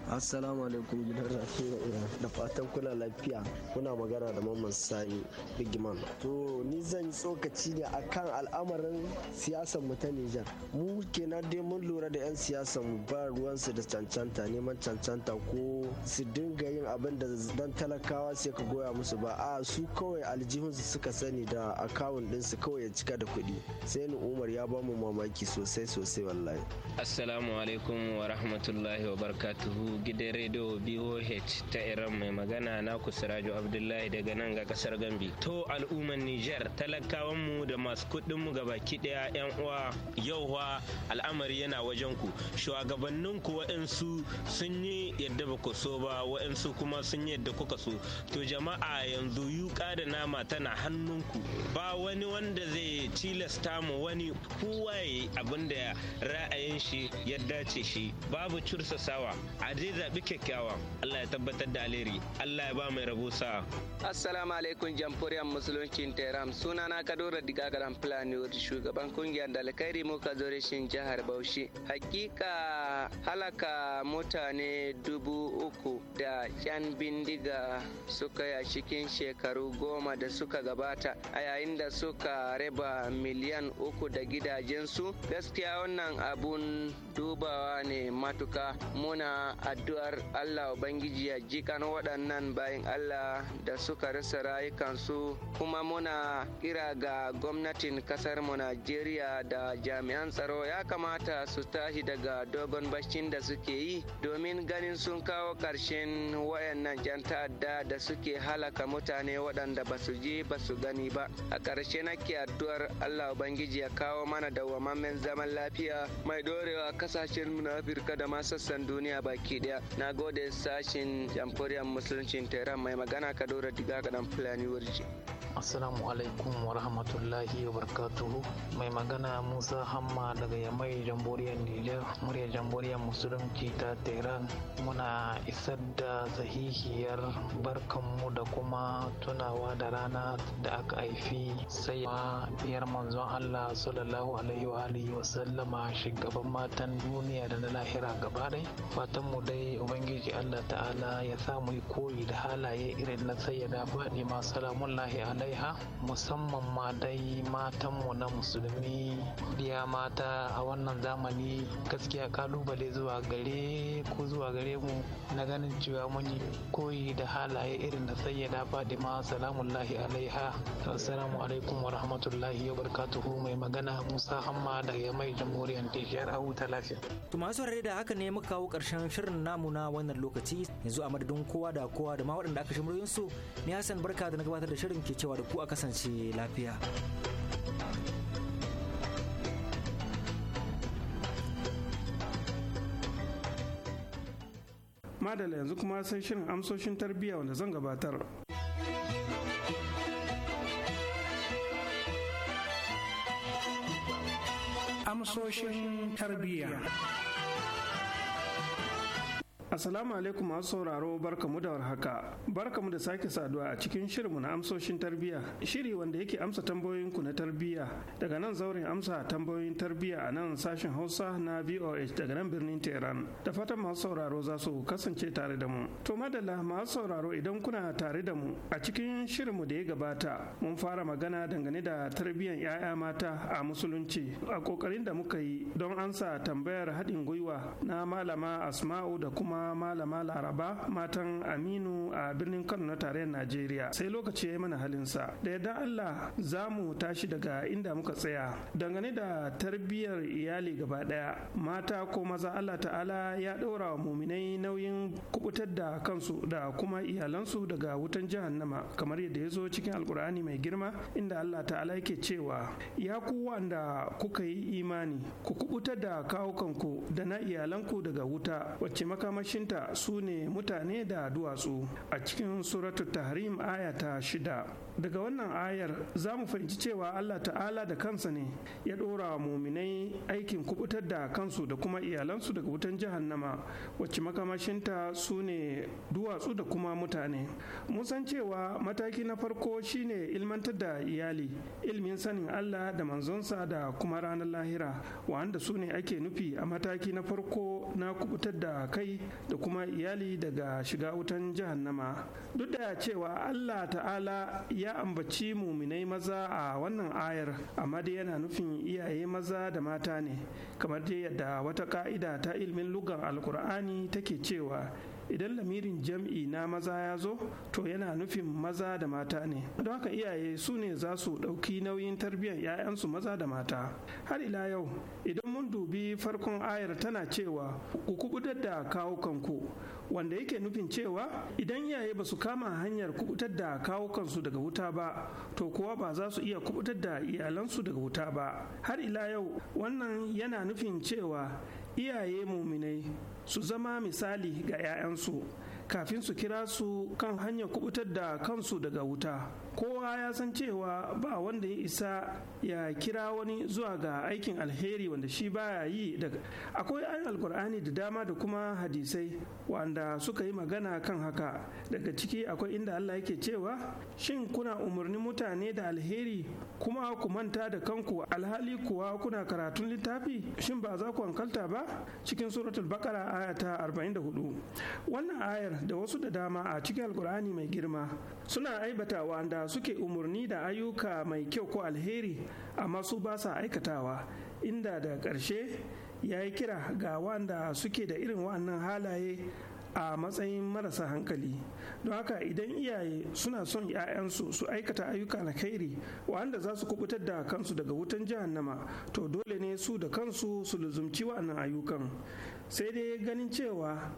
Assalamu alaikum gidan Rafi da fatan kuna lafiya. Kuna magana da Mamman Sani Bigman. To to ni zan tsokaci ne kan al'amarin siyasar mu ta Nijar mu kenan dai mun lura da 'yan siyasar mu ba ruwansu da cancanta neman cancanta ko su dinga yin abin da dan talakawa sai ka goya musu ba a su kawai aljihunsu suka sani da akawun ɗinsu kawai ya cika da kuɗi sai ni umar ya ba mu mamaki sosai sosai wallahi assalamu alaikum wa rahmatullahi wa barakatuhu gidan rediyo boh ta iran mai magana na ku abdullahi daga nan ga kasar gambi to al'umma al'ummar Nijar talakawan mu da masu kuɗin kuɗinmu baki ɗaya 'yan uwa yau al'amari yana wajen ku shugabannin ku wa'ansu sun yi yadda ba ku so ba wa'ansu kuma sun yi yadda kuka so to jama'a yanzu yuka da nama tana hannunku ba wani wanda zai tilasta mu wani kowa ya abin da ra'ayin shi ya dace shi babu cursasawa a dai zaɓi kyakkyawa Allah ya tabbatar da alheri Allah ya ba mai rabo sa assalamu alaikum jamhuriyar musulunci Kudancin Tehran sunana Kadura Digagaran Fulani shugaban kungiyar muka zo Zoreshin jihar Bauchi. Hakika halaka mutane dubu uku da yan bindiga suka yi cikin shekaru goma da suka gabata a yayin da suka raba miliyan uku da gidajensu gaskiya wannan abun dubawa ne matuka muna addu'ar Allah Ubangiji ya jikan waɗannan bayan Allah da suka rasa rayukansu kuma muna kira ga gwamnatin kasar mu Najeriya da jami'an tsaro ya kamata su tashi daga dogon bashin da suke yi domin ganin sun kawo ƙarshen wayannan jan ta'adda da suke halaka mutane waɗanda ba su je ba su gani ba. A ƙarshe nake addu'ar Allah Ubangiji ya kawo mana dawwamammen zaman lafiya mai dorewa kasashen mu na Afirka da ma sassan duniya baki ɗaya. Na gode sashin jamhuriyar musuluncin Tehran mai magana Kadura Diga kaɗan Fulani Wurji. Assalamu alaikum wa rahmatullahi wa barkatuhu Mai magana Musa Hamma daga Yamai Jamhuriyar Nijar, muryar Jamhuriyar Musulunci ta Tehran. Muna isar da sahihiyar barkanmu da kuma tunawa da rana da aka haifi sai biyar manzon Allah sallallahu alaihi wa alihi wa sallama shugaban matan duniya da na lahira gaba dai. Fatan mu dai Ubangiji Allah ta'ala ya samu koyi da halaye irin na sayyada faɗi ma salamun lahi alaiha musamman ma dai matanmu na musulmi diya mata a wannan zamani gaskiya kalubale zuwa gare ku zuwa gare mu na ganin cewa mun yi koyi da halaye irin da sayyada fadima salamullahi alaiha assalamu alaikum wa rahmatullahi wa barakatuhu mai magana musa hamma daga mai jamhuriyar tashiyar abu ta lafiya to masu da haka ne muka kawo karshen shirin namu na wannan lokaci yanzu a madadin kowa da kowa da ma waɗanda aka shimriyin su ni hassan barka da na gabatar da shirin ke cewa dawowa da ku a kasance lafiya. Madala yanzu kuma sai shirin amsoshin tarbiyya wanda zan gabatar. Amsoshin tarbiyya. Assalamu alaikum masu sauraro barka mu da warhaka. barka mu da sake saduwa a cikin shirinmu na amsoshin tarbiyya. Shiri wanda yake amsa tambayoyinku na tarbiyya. Daga nan zauren amsa tambayoyin tarbiyya a nan sashen Hausa na VOH daga nan birnin Tehran. Da fatan masu sauraro za su kasance tare da mu. To madalla masu sauraro idan kuna tare da mu a cikin shirinmu da ya gabata mun fara magana dangane da tarbiyyar 'ya'ya mata a musulunci a kokarin da muka yi don amsa tambayar haɗin gwiwa na malama Asma'u da kuma malama laraba matan aminu a birnin kano na tarayyar najeriya sai lokaci ya yi mana halinsa da yardan allah za mu tashi daga inda muka tsaya dangane da tarbiyyar iyali gaba daya mata ko maza allah ta'ala ya ɗora wa muminai nauyin kubutar da kansu da kuma iyalansu daga wutan jahannama kamar yadda ya zo cikin alkur'ani mai girma inda allah ta'ala yake cewa ya ku wanda kuka yi imani ku kubutar da kawukanku da na iyalanku daga wuta wacce makamashi kisoshinta su ne mutane da duwatsu a cikin suratu tahrim aya ta shida daga wannan ayar za mu fahimci cewa Allah ta'ala da kansa ne ya ɗora wa muminai aikin kubutar da kansu da kuma iyalansu daga wutan jahannama wacce makamashinta su ne duwatsu da kuma mutane mun san cewa mataki na farko shine ilmantar da iyali ilmin sanin Allah da manzonsa da kuma ranar lahira wanda su ne ake nufi a mataki na farko na kubutar da kai da kuma iyali daga shiga wutan jahannama duk da cewa Allah ta'ala ya ambaci muminai maza a wannan ayar amma dai yana nufin iyaye maza da mata ne kamar dai yadda wata ka'ida ta ilmin lugan alkur'ani take cewa idan lamirin jam'i na maza ya zo to yana nufin maza da mata ne don haka iyaye su ne za su ɗauki nauyin tarbiyyar 'ya'yansu maza da mata har ila yau idan mun dubi farkon ayar tana cewa ku kubutar da kawo kanku wanda yake nufin cewa idan iyaye ba su kama hanyar kubutar da kawo kansu daga wuta ba to kuwa ba za su iya kubutar da iyalansu daga wuta ba har ila yau wannan yana nufin cewa iyaye muminai su zama misali ga 'ya'yansu kafin su kira su kan hanyar kubutar da kansu daga wuta kowa ya san cewa ba wanda ya isa ya kira wani zuwa ga aikin alheri wanda shi baya yi daga akwai ayin alkur'ani da dama da kuma hadisai wanda suka yi magana kan haka daga ciki akwai inda Allah yake cewa shin kuna umarni mutane da alheri kuma ku manta da kanku alhali kuwa kuna karatun littafi shin ba za ku hankalta ba cikin suratul bakara aya ta 44 wannan ayar da wasu da dama a cikin alkur'ani mai girma suna aibata wanda suke umarni da ayyuka mai kyau ko alheri amma su ba sa aikatawa inda da ƙarshe ya yi kira ga wanda suke da irin wannan halaye a matsayin marasa hankali don haka idan iyaye suna son 'ya'yansu su aikata ayyuka na kairi wanda za su kubutar da kansu daga wutan jahannama to dole ne su da kansu su luzumci wa'annan ayyukan sai dai ganin cewa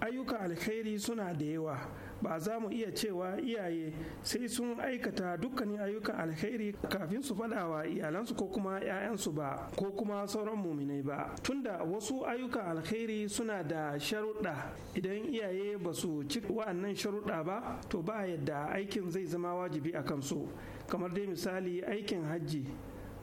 ayyuka alkhairi suna da yawa ba za mu iya cewa iyaye sai sun aikata dukkanin ayyukan alheri kafin su faɗawa iyalansu ko kuma 'ya'yansu ba ko kuma sauran muminai ba tunda wasu ayyukan alheri suna da sharuɗa idan iyaye ba su ci wa'annan sharuɗa ba to ba yadda aikin zai zama wajibi a kansu kamar dai misali aikin hajji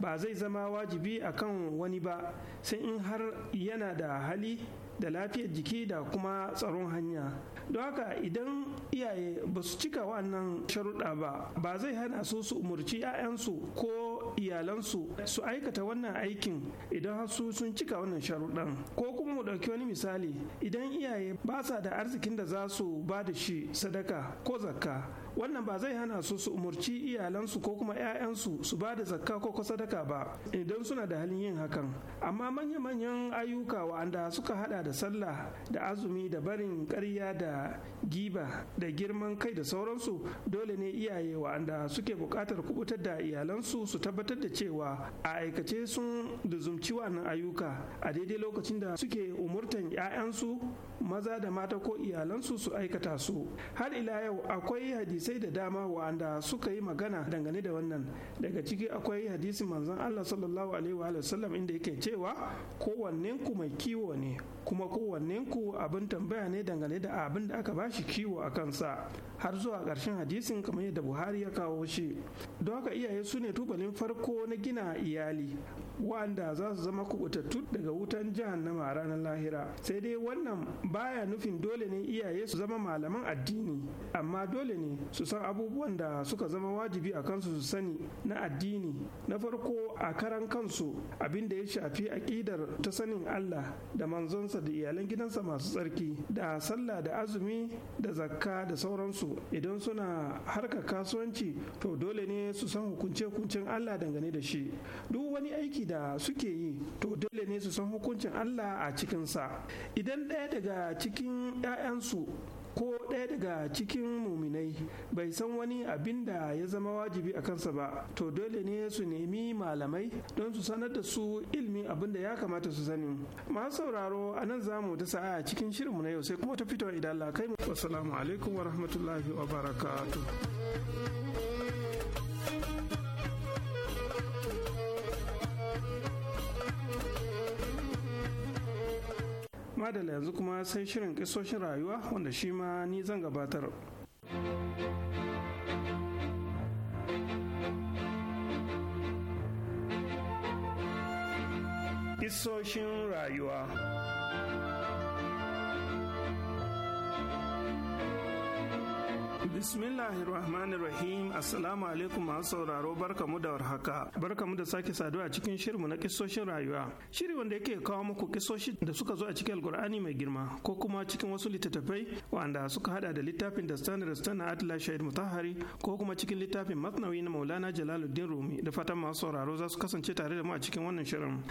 ba zai zama wajibi a kan wani ba sai in har yana da hali da lafiyar jiki da kuma tsaron hanya don haka idan iyaye ba su cika wannan sharuɗa ba ba zai hana su su umarci 'ya'yansu ko iyalansu su aikata wannan aikin idan su sun cika wannan sharuɗan ko kuma mu ɗauki wani misali idan iyaye ba sa da arzikin da za su ba da shi sadaka ko zakka wannan ba zai hana su su umarci iyalansu ko kuma 'ya'yansu su ba da zakka ko sadaka ba idan suna da halin yin hakan amma manya-manyan ayyuka wa'anda suka hada da sallah da azumi da barin karya da giba da girman kai da sauransu dole ne iyaye wa'anda suke buƙatar kubutar da iyalansu su tabbatar da cewa a aikace sun duzumci wannan ayyuka a daidai lokacin da suke umurtan 'ya'yansu maza da mata ko iyalansu su aikata su har ila yau akwai hadisi hadisai da dama wa'anda suka yi magana dangane da wannan daga ciki akwai hadisin manzon Allah sallallahu alaihi wa sallam inda yake cewa kowannen ku mai kiwo ne kuma ku abin tambaya ne dangane da abin da aka bashi kiwo a kansa har zuwa ƙarshen hadisin kamar yadda buhari ya kawo shi don haka iyaye su ne tubalin farko na gina iyali wanda za su zama kubutattu daga wutan jahannama a ranar lahira sai dai wannan baya nufin dole ne iyaye su zama malaman addini amma dole ne su san abubuwan da suka zama wajibi a kansu su sani na addini na farko a karan kansu abin da ya shafi aƙidar ta sanin allah da manzonsa matansa da iyalan gidansa masu tsarki da sallah da azumi da zakka da sauransu idan suna harkar kasuwanci to dole ne su san hukunce hukuncin Allah dangane da shi duk wani aiki da suke yi to dole ne su san hukuncin Allah a cikinsa idan ɗaya daga cikin 'ya'yansu ko ɗaya daga cikin muminai bai san wani abin da ya zama wajibi a kansa ba to dole ne su nemi malamai don su sanar da su ilmi abin da ya kamata su sani masu sauraro a nan za mu dasa a cikin shirinmu na yau sai kuma ta fito idan la kai mu assalamu alaikum wa rahmatullahi wa barakatuh madala yanzu kuma sai shirin kisoshin rayuwa wanda shi ma ni zan gabatar Kisoshin rayuwa Bismillahi rahim Assalamu alaikum masu sauraro barkamu da warhaka barkamu da sake saduwa a cikin shirinmu na kisoshin rayuwa shiri wanda yake kawo muku kisoshi da suka zo a cikin alkur'ani mai girma ko kuma cikin wasu littattafai wanda suka hada da littafin da standard standard atlas shahid mutahari ko kuma cikin littafin masnawi na maulana jalaluddin rumi da fatan masu sauraro za su kasance tare da mu a cikin wannan shirin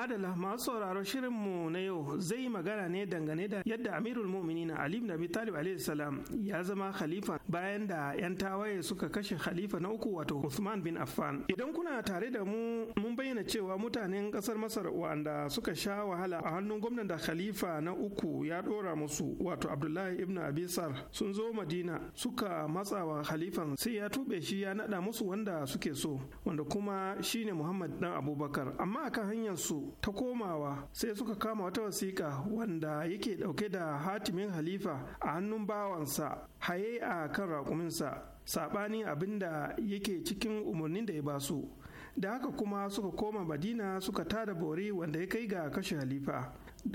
madalla masu sauraro shirinmu na yau zai yi magana ne dangane da yadda amirul mu'minin ali ibn abi talib salam ya zama khalifa bayan da yan tawaye suka kashe khalifa na uku wato usman bin affan idan kuna tare da mu mun bayyana cewa mutanen kasar masar wanda suka sha wahala a hannun gwamnan da khalifa na uku ya dora musu wato abdullahi ibn Abisar sun zo madina suka matsa wa khalifan sai ya tube shi ya nada musu wanda suke so wanda kuma shine muhammad dan abubakar amma akan hanyar su ta komawa sai suka kama wata wasiƙa wanda yake ɗauke da hatimin halifa a hannun bawansa haye a kan raƙuminsa saɓanin abinda yake cikin umarnin da ya basu da haka kuma suka koma madina suka tada bori wanda ya kai ga kashe halifa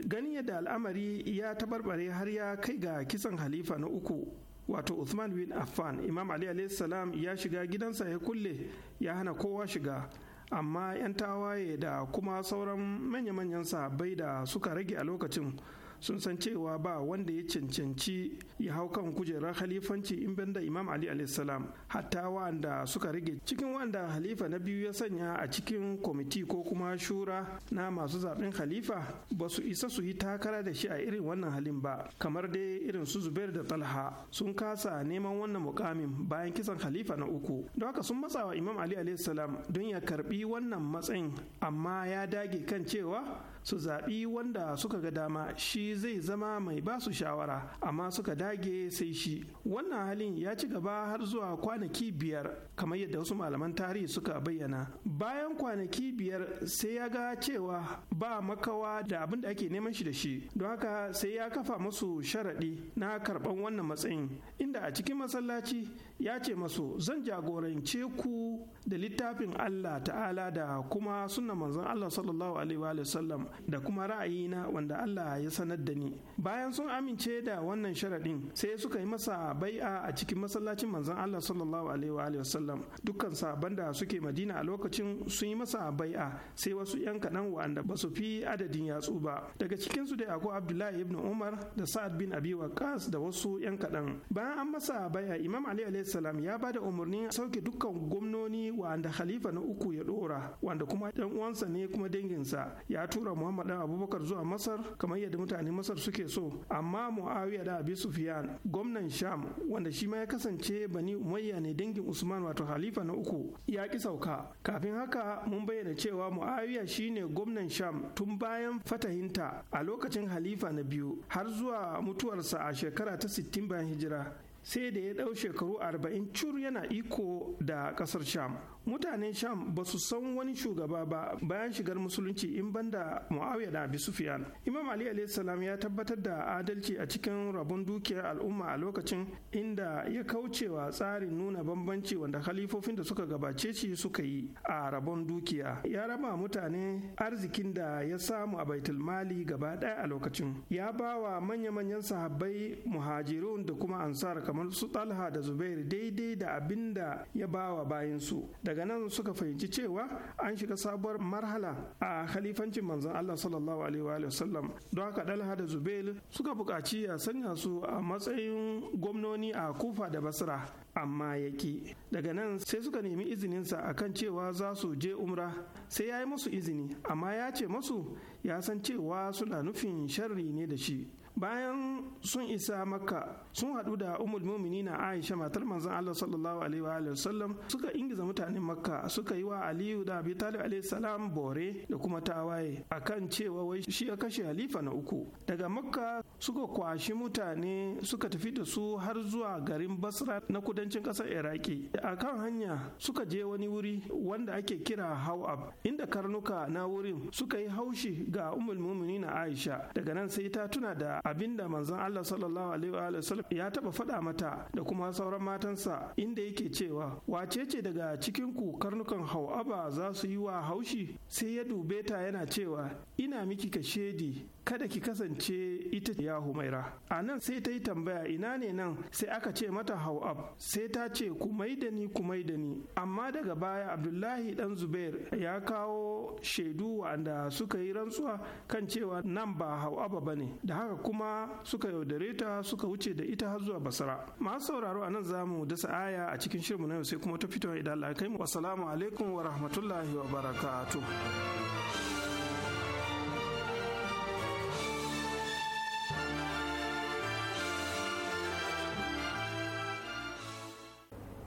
ganin yadda al'amari ya tabarbare har ya kai ga kisan halifa na uku wato Uthman bin Affan Imam Ali salam ya shiga gidansa ya kulle ya hana kowa shiga amma 'yan tawaye da kuma sauran manya-manyan sahabbai da suka rage a lokacin sun san cewa ba wanda ya cancanci ya hau kan kujerar halifanci in banda imam ali alaihissalam hatta wanda suka rage cikin wanda halifa na biyu ya sanya a cikin kwamiti ko kuma shura na masu zaben halifa ba su isa su yi takara da shi a irin wannan halin ba kamar dai irin su zubair da talha sun kasa neman wannan mukamin bayan kisan halifa na uku don haka sun matsawa imam ali alaihissalam don ya karbi wannan matsayin amma ya dage kan cewa su zaɓi wanda suka ga dama shi zai zama mai basu shawara amma suka dage sai shi wannan halin ya ci gaba har zuwa kwanaki biyar kamar yadda wasu malaman tarihi suka bayyana bayan kwanaki biyar sai ya ga cewa ba makawa da abin da ake neman shi da shi don haka sai ya kafa musu sharaɗi na karɓan wannan matsayin inda a cikin masallaci ya ce masu zan jagorance ku da littafin Allah ta'ala da kuma sunan manzon Allah sallallahu alaihi wa sallam da kuma ra'ayi na wanda Allah ya sanar da ni bayan sun amince da wannan sharaɗin sai suka yi masa bai'a a cikin masallacin manzon Allah sallallahu alaihi wa sallam dukkan sahabban da suke Madina a lokacin sun yi masa bai'a sai wasu yan kaɗan wanda ba su fi adadin yatsu ba daga cikin su dai akwai Abdullahi ibn Umar da Sa'ad bin Abi Waqqas da wasu yan kaɗan bayan an masa bai'a Imam Ali alaihi salam ya bada umarnin sauke dukkan gwamnoni wanda khalifa na uku ya dora wanda kuma dan uwansa ne kuma danginsa ya tura mu Muhammad dan Abubakar zuwa Masar kamar yadda mutane Masar suke so amma Muawiya da Abi Sufyan gwamnan Sham wanda shi ma ya kasance Bani Umayya ne dangin Usman wato halifa na uku ya ki sauka kafin haka mun bayyana cewa Muawiya shine gwamnan Sham tun bayan fatahinta a lokacin halifa na biyu har zuwa mutuwarsa a shekara ta 60 bayan hijira sai da ya ɗau shekaru arba'in cur yana iko da ƙasar sham mutanen sham ba su san wani shugaba ba bayan shigar musulunci in banda muawiya da abi sufiyan imam ali alayhi ya tabbatar da adalci a cikin rabon dukiyar al'umma a lokacin inda ya kaucewa tsarin nuna bambanci wanda khalifofin da suka gabace shi suka yi a rabon dukiya ya raba mutane arzikin da ya samu a baitul mali gaba daya a lokacin ya bawa manya-manyan sahabbai muhajirun da kuma ansar kamar su talha da zubair daidai da abinda ya ba wa bayansu daga nan suka fahimci cewa an shiga sabuwar marhala a khalifancin manzon Allah sallallahu alaihi wa sallam don haka Dalha da zubail suka buƙaci ya sanya su a matsayin gwamnoni a Kufa da Basra amma ya ki daga nan sai suka nemi izininsa akan cewa za su je umra sai ya yi musu izini amma ya ce masu ya san cewa suna nufin sharri ne da shi bayan sun isa makka sun hadu da umul na aisha matar manzon allah sallallahu alaihi wa sallam suka ingiza mutanen makka suka yi wa aliyu da abi talib alaihi salam bore da kuma ta waye. A kan cewa wai shi ya kashe halifa na uku daga makka suka kwashi mutane suka tafi da su har zuwa garin basra na kudancin ƙasar iraki a kan hanya suka je wani wuri wanda ake kira hawab inda karnuka na wurin suka yi haushi ga umul na aisha daga nan sai ta tuna da abinda manzon Allah sallallahu alaihi wa sallam ya taba faɗa mata da kuma sauran matansa inda yake cewa wace ce daga cikin ku karnukan hau'aba za su yi wa haushi sai ya dube ta yana cewa ina miki kashedi kada ki kasance ita ya humaira a nan sai ta yi tambaya ina ne nan sai aka ce mata hau ab. sai ta ce Ku da ni kumai da ni amma daga baya abdullahi dan zubair ya kawo shaidu wanda suka yi rantsuwa kan cewa nan ba hau hau'aba ba ne da haka kuma suka yaudare ta suka wuce da ita har zuwa basara masu sauraro a nan za mu dasa aya a cikin shirmu na yau sai kuma ta fito idan Allah kai mu assalamu alaikum wa rahmatullahi wa barakatuh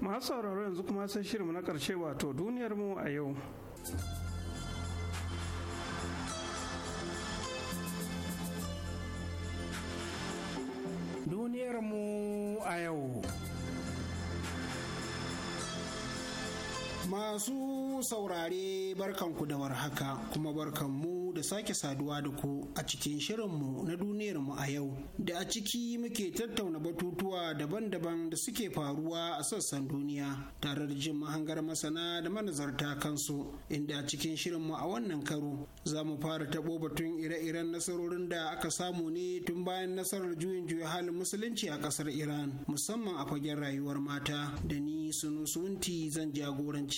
masu sauraro yanzu kuma sai shirinmu na ƙarshe wato duniyarmu a yau duniyarmu a yau Masu saurare barkanku da warhaka kuma barkanmu da sake saduwa da ku a cikin shirinmu na duniyarmu a yau da a ciki muke tattauna batutuwa daban-daban da suke faruwa a sassan duniya tare da jin mahangar masana da manazarta kansu inda a cikin shirinmu a wannan karo za mu fara tabo batun ire-iren nasarorin da aka samu ne tun bayan nasarar juyin juya halin musulunci a kasar Iran musamman a fagen rayuwar mata da ni sunusunti zan jagoranci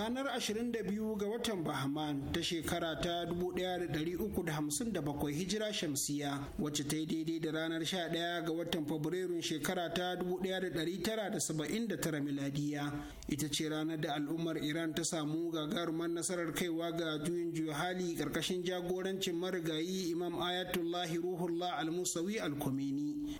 ranar 22 ga watan Bahman ta shekara ta 1357 hijira shamsiya wacce ta yi daidai da ranar 11 ga watan Fabrairun shekara ta 1979 miladiya ita ce ranar da al'ummar Iran ta samu gagarumar nasarar kaiwa ga juyin juya hali karkashin jagorancin marigayi Imam Ayatullahi Ruhullah Al-Musawi al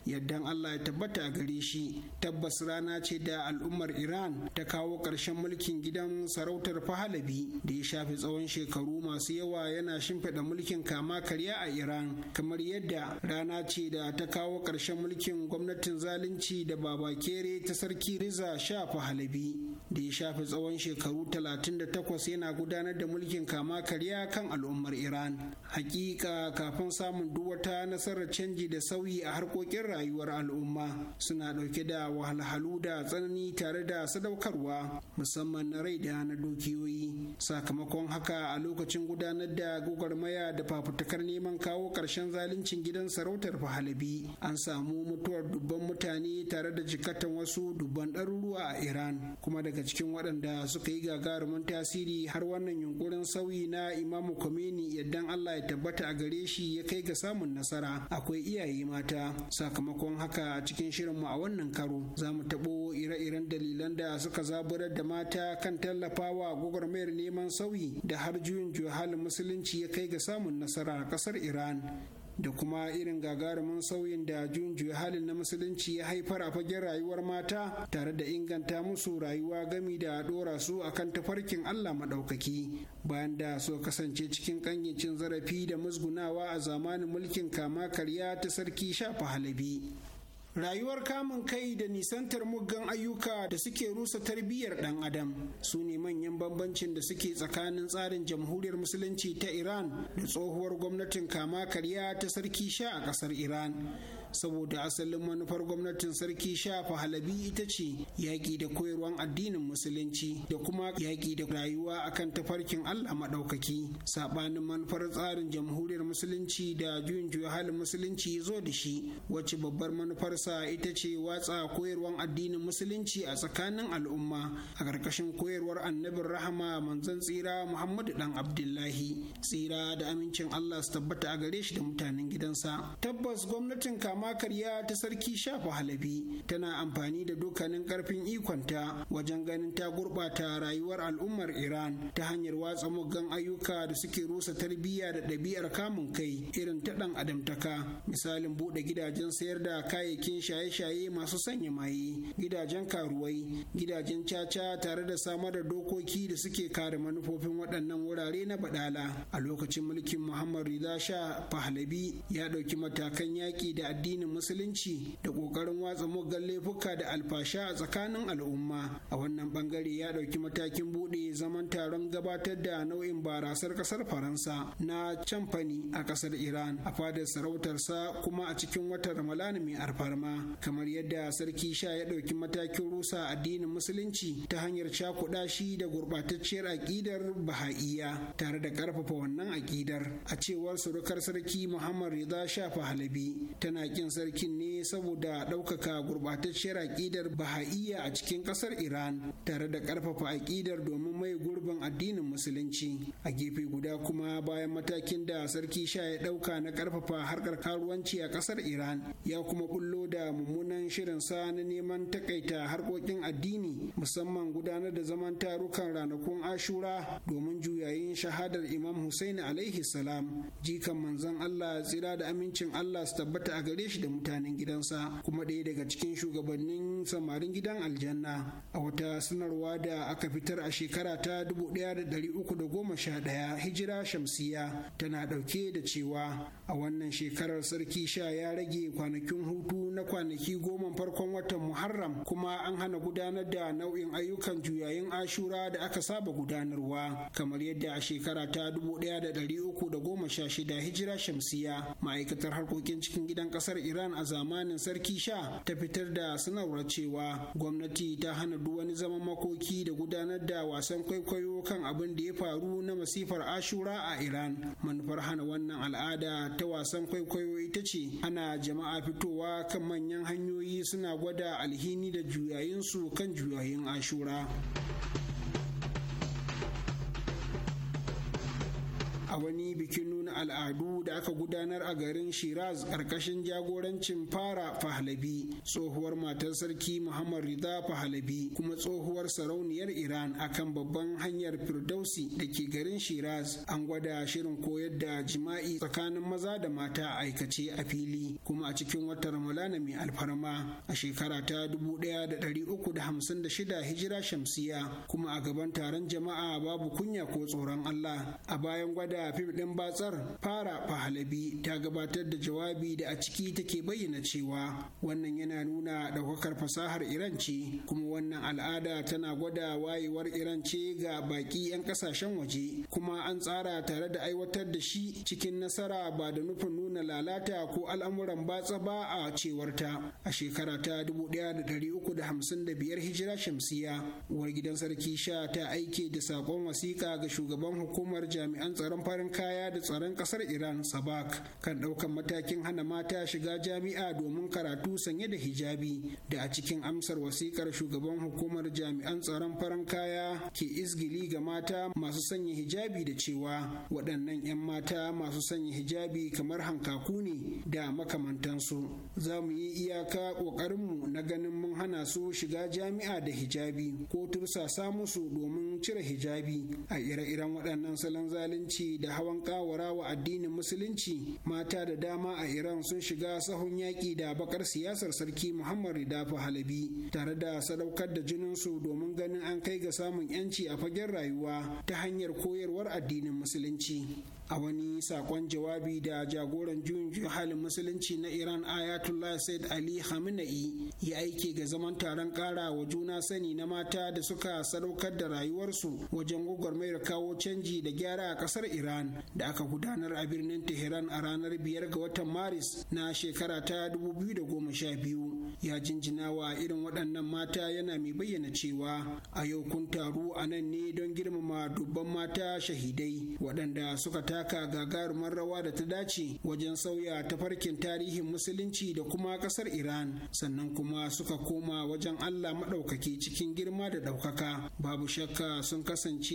yaddan Allah ya tabbata gare shi tabbas rana ce da al'ummar Iran ta kawo ƙarshen mulkin gidan sarauta sarautar fahalabi da ya shafi tsawon shekaru masu yawa yana shimfiɗa mulkin kama karya a Iran kamar yadda rana ce da ta kawo ƙarshen mulkin gwamnatin zalunci da babakere ta sarki Riza sha fahalabi. da ya shafi tsawon shekaru 38 yana gudanar da mulkin kama karya kan al'ummar iran hakika kafin samun duwata, nasarar canji da sauyi a harkokin rayuwar al'umma suna dauke da wahalhalu da tsanani tare da sadaukarwa musamman na rai da na dukiyoyi sakamakon haka a lokacin gudanar da gwagwarmaya da fafutukar neman kawo ƙarshen zaluncin gidan sarautar fahalabi an samu mutuwar dubban mutane tare da jikatan wasu dubban ɗaruruwa a iran kuma daga daga cikin waɗanda suka yi gagarumin tasiri har wannan yunkurin sauyi na imamu Khomeini yaddan Allah ya tabbata a gare shi ya kai ga samun nasara akwai iyaye mata sakamakon haka a cikin shirinmu a wannan karo za mu taɓo ire-iren dalilan da suka zaburar da mata kan tallafawa gwagwarmayar neman sauyi da har juyin juhalin musulunci ya kai ga samun nasara a ƙasar Iran da kuma irin gagarumin sauyin da junjuya halin na musulunci ya haifar a fagen rayuwar mata tare da inganta musu rayuwa gami da dora su akan tafarkin Allah maɗaukaki bayan da so kasance cikin ƙangin zarafi da musgunawa a zamanin mulkin kama karya ta sarki shafa halabi rayuwar kamun kai da nisantar muggan ayyuka da suke rusa tarbiyyar dan adam su ne manyan bambancin da suke tsakanin tsarin jamhuriyar musulunci ta iran da tsohuwar gwamnatin kama karya ta sarki sha a kasar iran saboda asalin manufar gwamnatin sarki shafa halabi ita ce yaƙi da koyarwan addinin musulunci da kuma yaƙi da rayuwa akan tafarkin Allah maɗaukaki saɓanin manufar tsarin jamhuriyar musulunci da juyin juya halin musulunci ya zo da shi wacce babbar manufarsa ita ce watsa koyarwan addinin musulunci a tsakanin al'umma a ƙarƙashin koyarwar annabin rahama manzon tsira muhammadu dan abdullahi tsira da amincin Allah su tabbata a gare shi da mutanen gidansa tabbas gwamnatin kama kama karya ta sarki shafa halabi tana amfani da dukkanin karfin ikonta wajen ganin ta gurɓata rayuwar al'ummar iran ta hanyar watsa muggan ayyuka da suke rusa tarbiyya da ɗabi'ar kamun kai irin ta ɗan adamtaka misalin buɗe gidajen sayar da kayayyakin shaye-shaye masu sanya maye gidajen karuwai gidajen caca tare da samar da dokoki da suke kare manufofin waɗannan wurare na baɗala a lokacin mulkin muhammad rida sha pahlavi ya ɗauki matakan yaƙi da addini addinin musulunci da ƙoƙarin watsa muggan laifuka da alfasha a tsakanin al'umma a wannan bangare ya ɗauki matakin buɗe zaman taron gabatar da nau'in barasar ƙasar faransa na camfani a ƙasar iran a fadar sarautarsa kuma a cikin watan ramadan mai alfarma kamar yadda sarki sha ya ɗauki matakin rusa addinin musulunci ta hanyar cakuɗa shi da gurɓatacciyar aƙidar baha'iya tare da ƙarfafa wannan aƙidar a cewar surukar sarki muhammad rida sha halabi tana yakin sarkin ne saboda ɗaukaka gurbatacciyar aƙidar baha'iyya a cikin ƙasar iran tare da ƙarfafa aƙidar domin mai gurbin addinin musulunci a gefe guda kuma bayan matakin da sarki sha ya ɗauka na ƙarfafa harkar karuwanci a ƙasar iran ya kuma bullo da mummunan shirin sa na neman takaita harkokin addini musamman gudanar da zaman tarukan ranakun ashura domin juyayin shahadar imam husaini alaihi salam jikan manzon allah tsira da amincin allah su tabbata a gare shi da mutanen gidansa kuma ɗaya daga cikin shugabannin samarin gidan aljanna a wata sanarwa da aka fitar a shekara ta 1311 hijira shamsiya tana ɗauke da cewa a wannan shekarar sarki sha ya rage kwanakin hutu na kwanaki goma farkon watan muharram kuma an hana gudanar da nau'in ayyukan juyayin ashura da aka saba gudanarwa kamar yadda a shekara ta 1316 hijira shamsiya ma'aikatar harkokin cikin gidan ƙasar iran a zamanin sarki sha ta fitar da sanarwar cewa gwamnati ta hana duk wani zaman makoki da gudanar da wasan kwaikwayo kan abin da ya faru na masifar ashura a iran manufar hana wannan al'ada ta wasan kwaikwayo ita ce ana jama'a fitowa kan manyan hanyoyi suna gwada alhini da juyayinsu kan juyayin ashura a wani bikin nuna al'adu da aka gudanar a garin shiraz ƙarƙashin jagorancin fara fahlabi tsohuwar matar sarki muhammad rida fahlabi kuma tsohuwar sarauniyar iran akan babban hanyar firdausi da ke garin shiraz an gwada shirin koyar da jima'i tsakanin maza da mata aikace a fili kuma a cikin watan ramalana mai alfarma a shekara ta shida, hijira shamsiya kuma a gaban taron jama'a babu kunya ko tsoron allah a bayan gwada ya fim ɗin batsar fara fahalabi ta gabatar da jawabi da a ciki take bayyana cewa wannan yana nuna ɗaukakar fasahar iran ce kuma wannan al'ada tana gwada wayewar iran ce ga baƙi 'yan kasashen waje kuma an tsara tare da aiwatar da shi cikin nasara ba da nufin nuna lalata ko al'amuran batsa ba a cewarta a shekara ta 1355 hijira shamsiya uwar gidan sarki sha ta aike da saƙon wasiƙa ga shugaban hukumar jami'an tsaron farin kaya da tsaron kasar iran sabak kan ɗaukan matakin hana mata shiga jami'a domin karatu sanye da hijabi da a cikin amsar wasikar shugaban hukumar jami'an tsaron farin kaya ke izgili ga mata masu sanya hijabi da cewa waɗannan 'yan mata masu sanya hijabi kamar hankaku ne da makamantansu za mu yi iyaka ƙoƙarinmu na ganin mun hana su shiga jami'a da hijabi ko tursasa musu domin cire hijabi a ire-iren waɗannan salon zalunci da hawan kawara wa addinin musulunci mata da dama a iran sun shiga sahun yaƙi da bakar siyasar sarki muhammad ridafa halabi tare da sadaukar da jininsu domin ganin an kai ga samun yanci a fagen rayuwa ta hanyar koyarwar addinin musulunci a wani sakon jawabi da jagoran juyin halin musulunci na iran ayatollah said ali khamenei ya aike ga zaman taron kara wa juna sani na mata da suka sadaukar da rayuwarsu wajen gwagwarmayar kawo canji da gyara a kasar iran da aka gudanar a birnin tehran a ranar biyar ga watan maris na shekara ta 2012 ya jinjina wa irin waɗannan mata yana mai bayyana cewa a yau kun taru a nan ne don girmama dubban mata shahidai waɗanda suka ta taka gagarumar rawa da ta dace wajen sauya tafarkin tarihin musulunci da kuma kasar iran sannan kuma suka koma wajen allah maɗaukaki cikin girma da ɗaukaka babu shakka sun kasance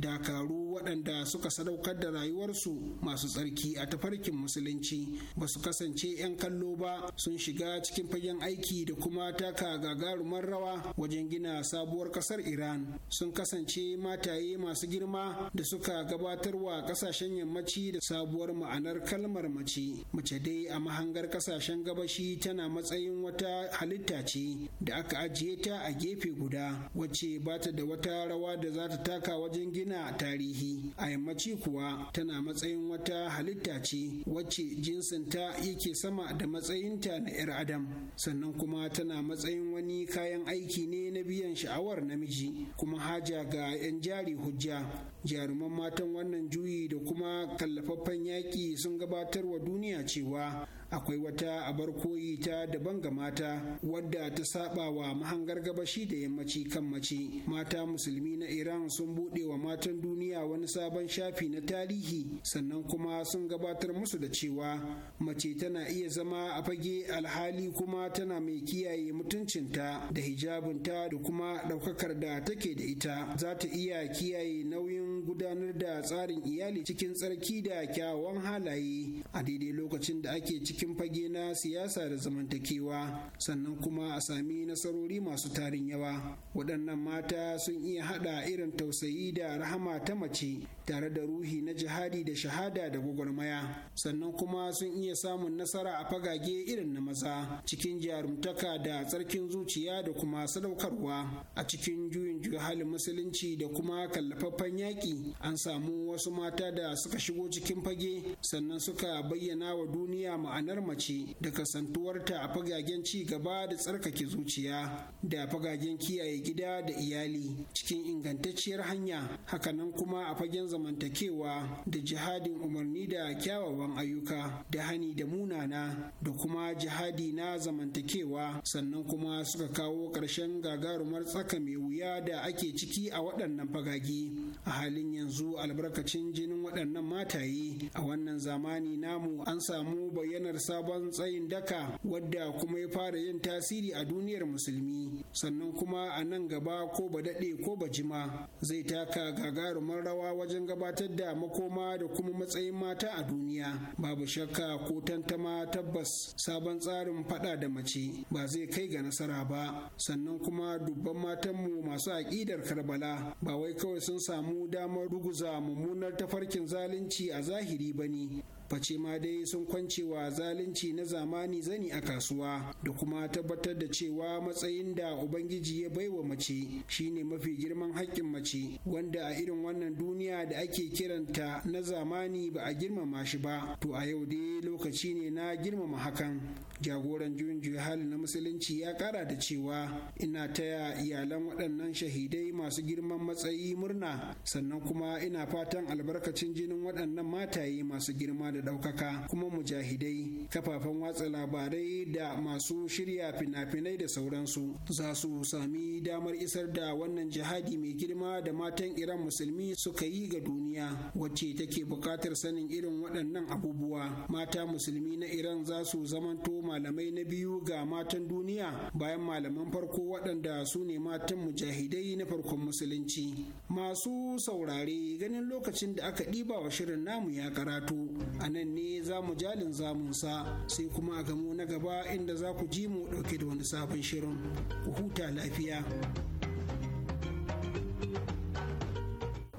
dakaru waɗanda suka sadaukar da rayuwarsu masu tsarki a tafarkin musulunci ba su kasance 'yan kallo ba sun shiga cikin fagen aiki da kuma taka gagarumar rawa wajen gina sabuwar ƙasar iran sun kasance mataye masu girma da suka gabatar wa ƙasashen yammaci da sabuwar ma'anar kalmar mace mace dai a mahangar ƙasashen gabashi tana matsayin wata halitta ce da aka ajiye ta a gefe guda wacce ba ta da wata rawa da za ta taka wajen gina tarihi a yammaci kuwa tana matsayin wata halitta ce wacce jinsinta yake sama da matsayinta na 'yar adam sannan kuma tana matsayin wani kayan aiki ne na biyan sha'awar namiji kuma haja ga 'yan jari hujja jaruman matan wannan juyi da kuma kallafaffen yaƙi sun gabatar wa duniya cewa akwai wata abar koyi ta daban ga mata wadda ta saba wa mahangar gabashi da yammaci kan mace mata musulmi na iran sun buɗe wa matan duniya wani sabon shafi na tarihi sannan kuma sun gabatar musu da cewa mace tana iya zama a fage alhali kuma tana mai kiyaye mutuncinta da hijabinta da kuma ɗaukakar da take da ita za ta iya kiyaye nauyin gudanar da tsarin iyali cikin tsarki da kyawawan halaye a daidai lokacin da ake cikin fage na siyasa da zamantakewa sannan kuma a sami nasarori masu tarin yawa waɗannan mata sun iya haɗa irin tausayi da rahama ta mace tare da ruhi na jihadi da shahada da gwagwarmaya sannan kuma sun iya samun nasara a fagage irin na maza cikin jarumtaka da tsarkin zuciya da kuma sadaukarwa a cikin juyin juya halin musulunci da kuma kallafaffen yaƙi an samu wasu mata da suka shigo cikin fage sannan suka bayyana wa duniya ma'anar mace da kasantuwarta a fagagen ci gaba da tsarkake zuciya da fagagen kiyaye gida da iyali cikin ingantacciyar hanya hakanan kuma a fagen zamantakewa da jihadin umarni da kyawawan ayyuka da hani da munana da kuma jihadi na zamantakewa sannan kuma suka kawo ƙarshen gagarumar tsaka mai wuya da ake ciki a waɗannan fagage a hali. halin yanzu albarkacin jinin waɗannan mataye a wannan zamani namu an samu bayyanar sabon tsayin daka wadda kuma ya fara yin tasiri a duniyar musulmi sannan kuma a nan gaba ko ba daɗe ko ba jima zai taka gagarumar rawa wajen gabatar da makoma da kuma matsayin mata a duniya babu shakka ko tantama tabbas sabon tsarin faɗa da mace ba zai kai ga nasara ba sannan kuma dubban matanmu masu aƙidar karbala ba wai kawai sun samu dama damar ruguza mummunar tafarkin zalunci a zahiri ba ne face ma dai sun wa zalunci na zamani zani a kasuwa da kuma tabbatar da cewa matsayin da ubangiji ya baiwa mace shine mafi girman haƙƙin mace wanda a irin wannan duniya da ake kiranta na zamani ba a girmama shi ba to a yau dai lokaci ne na girmama hakan jagoran juyin hali na musulunci ya kara da cewa ina taya iyalan waɗannan shahidai masu girman matsayi murna sannan kuma ina fatan albarkacin jinin waɗannan mataye masu girma da ɗaukaka kuma mujahidai kafafen watsa labarai da masu shirya fina-finai da sauransu za su sami damar isar da wannan jihadi mai girma da matan iran musulmi suka yi ga duniya wacce take buƙatar sanin irin waɗannan abubuwa mata musulmi na iran za su zamanto malamai na biyu ga matan duniya bayan malaman farko waɗanda su ne matan mujahidai na farkon musulunci masu saurare ganin lokacin da aka ɗiba wa shirin namu ya karatu a nan ne za mu jalin zamunsa sai kuma a gamo na gaba inda za ku ji mu ɗauke da wani sabon shirin ku huta lafiya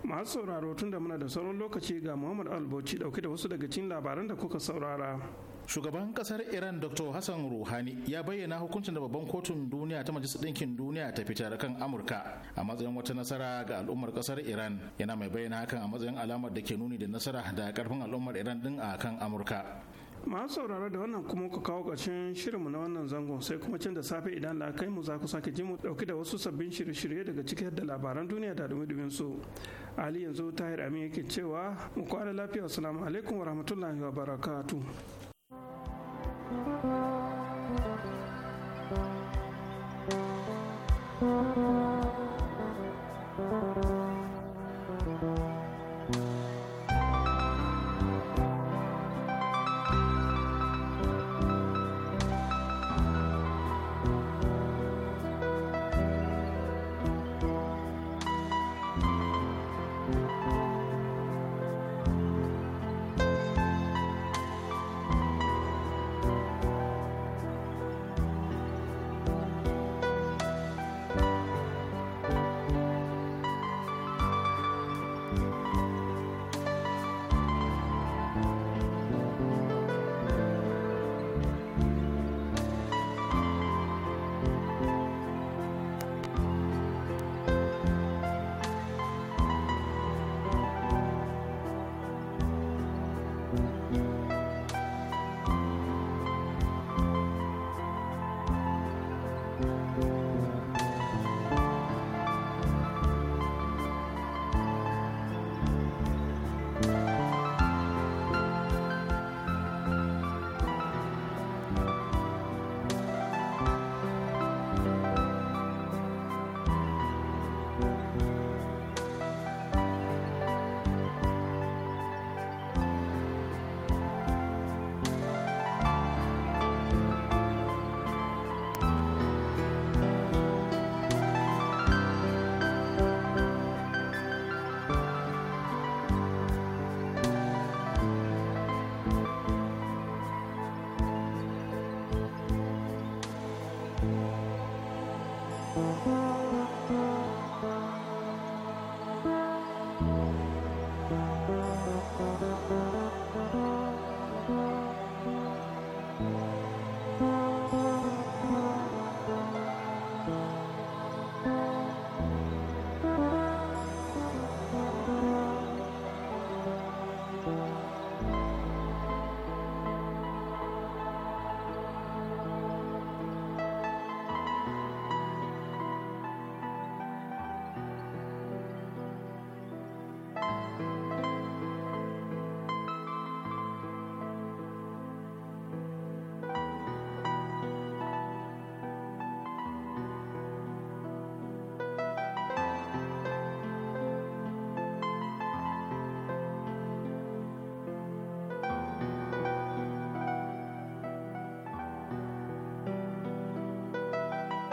masu sauraro tun da muna da sauran lokaci ga muhammad albauci dauke da wasu daga cikin labaran da kuka saurara shugaban kasar iran dr hassan ruhani ya bayyana hukuncin da babban kotun duniya ta majalisar ɗinkin duniya ta fitar kan amurka a matsayin wata nasara ga al'ummar kasar iran yana mai bayyana hakan a matsayin alamar da ke nuni da nasara da karfin al'ummar iran din a kan amurka masu sauraro da wannan kuma ku kawo ƙarshen shirinmu na wannan zangon sai kuma can da safe idan la kai mu za ku sake ji mu dauki da wasu sabbin shirye-shirye daga cikin da labaran duniya da dumi su ali yanzu tahir amin yake cewa mu kwana lafiya assalamu alaikum warahmatullahi wabarakatuh Thank you. Mm-hmm.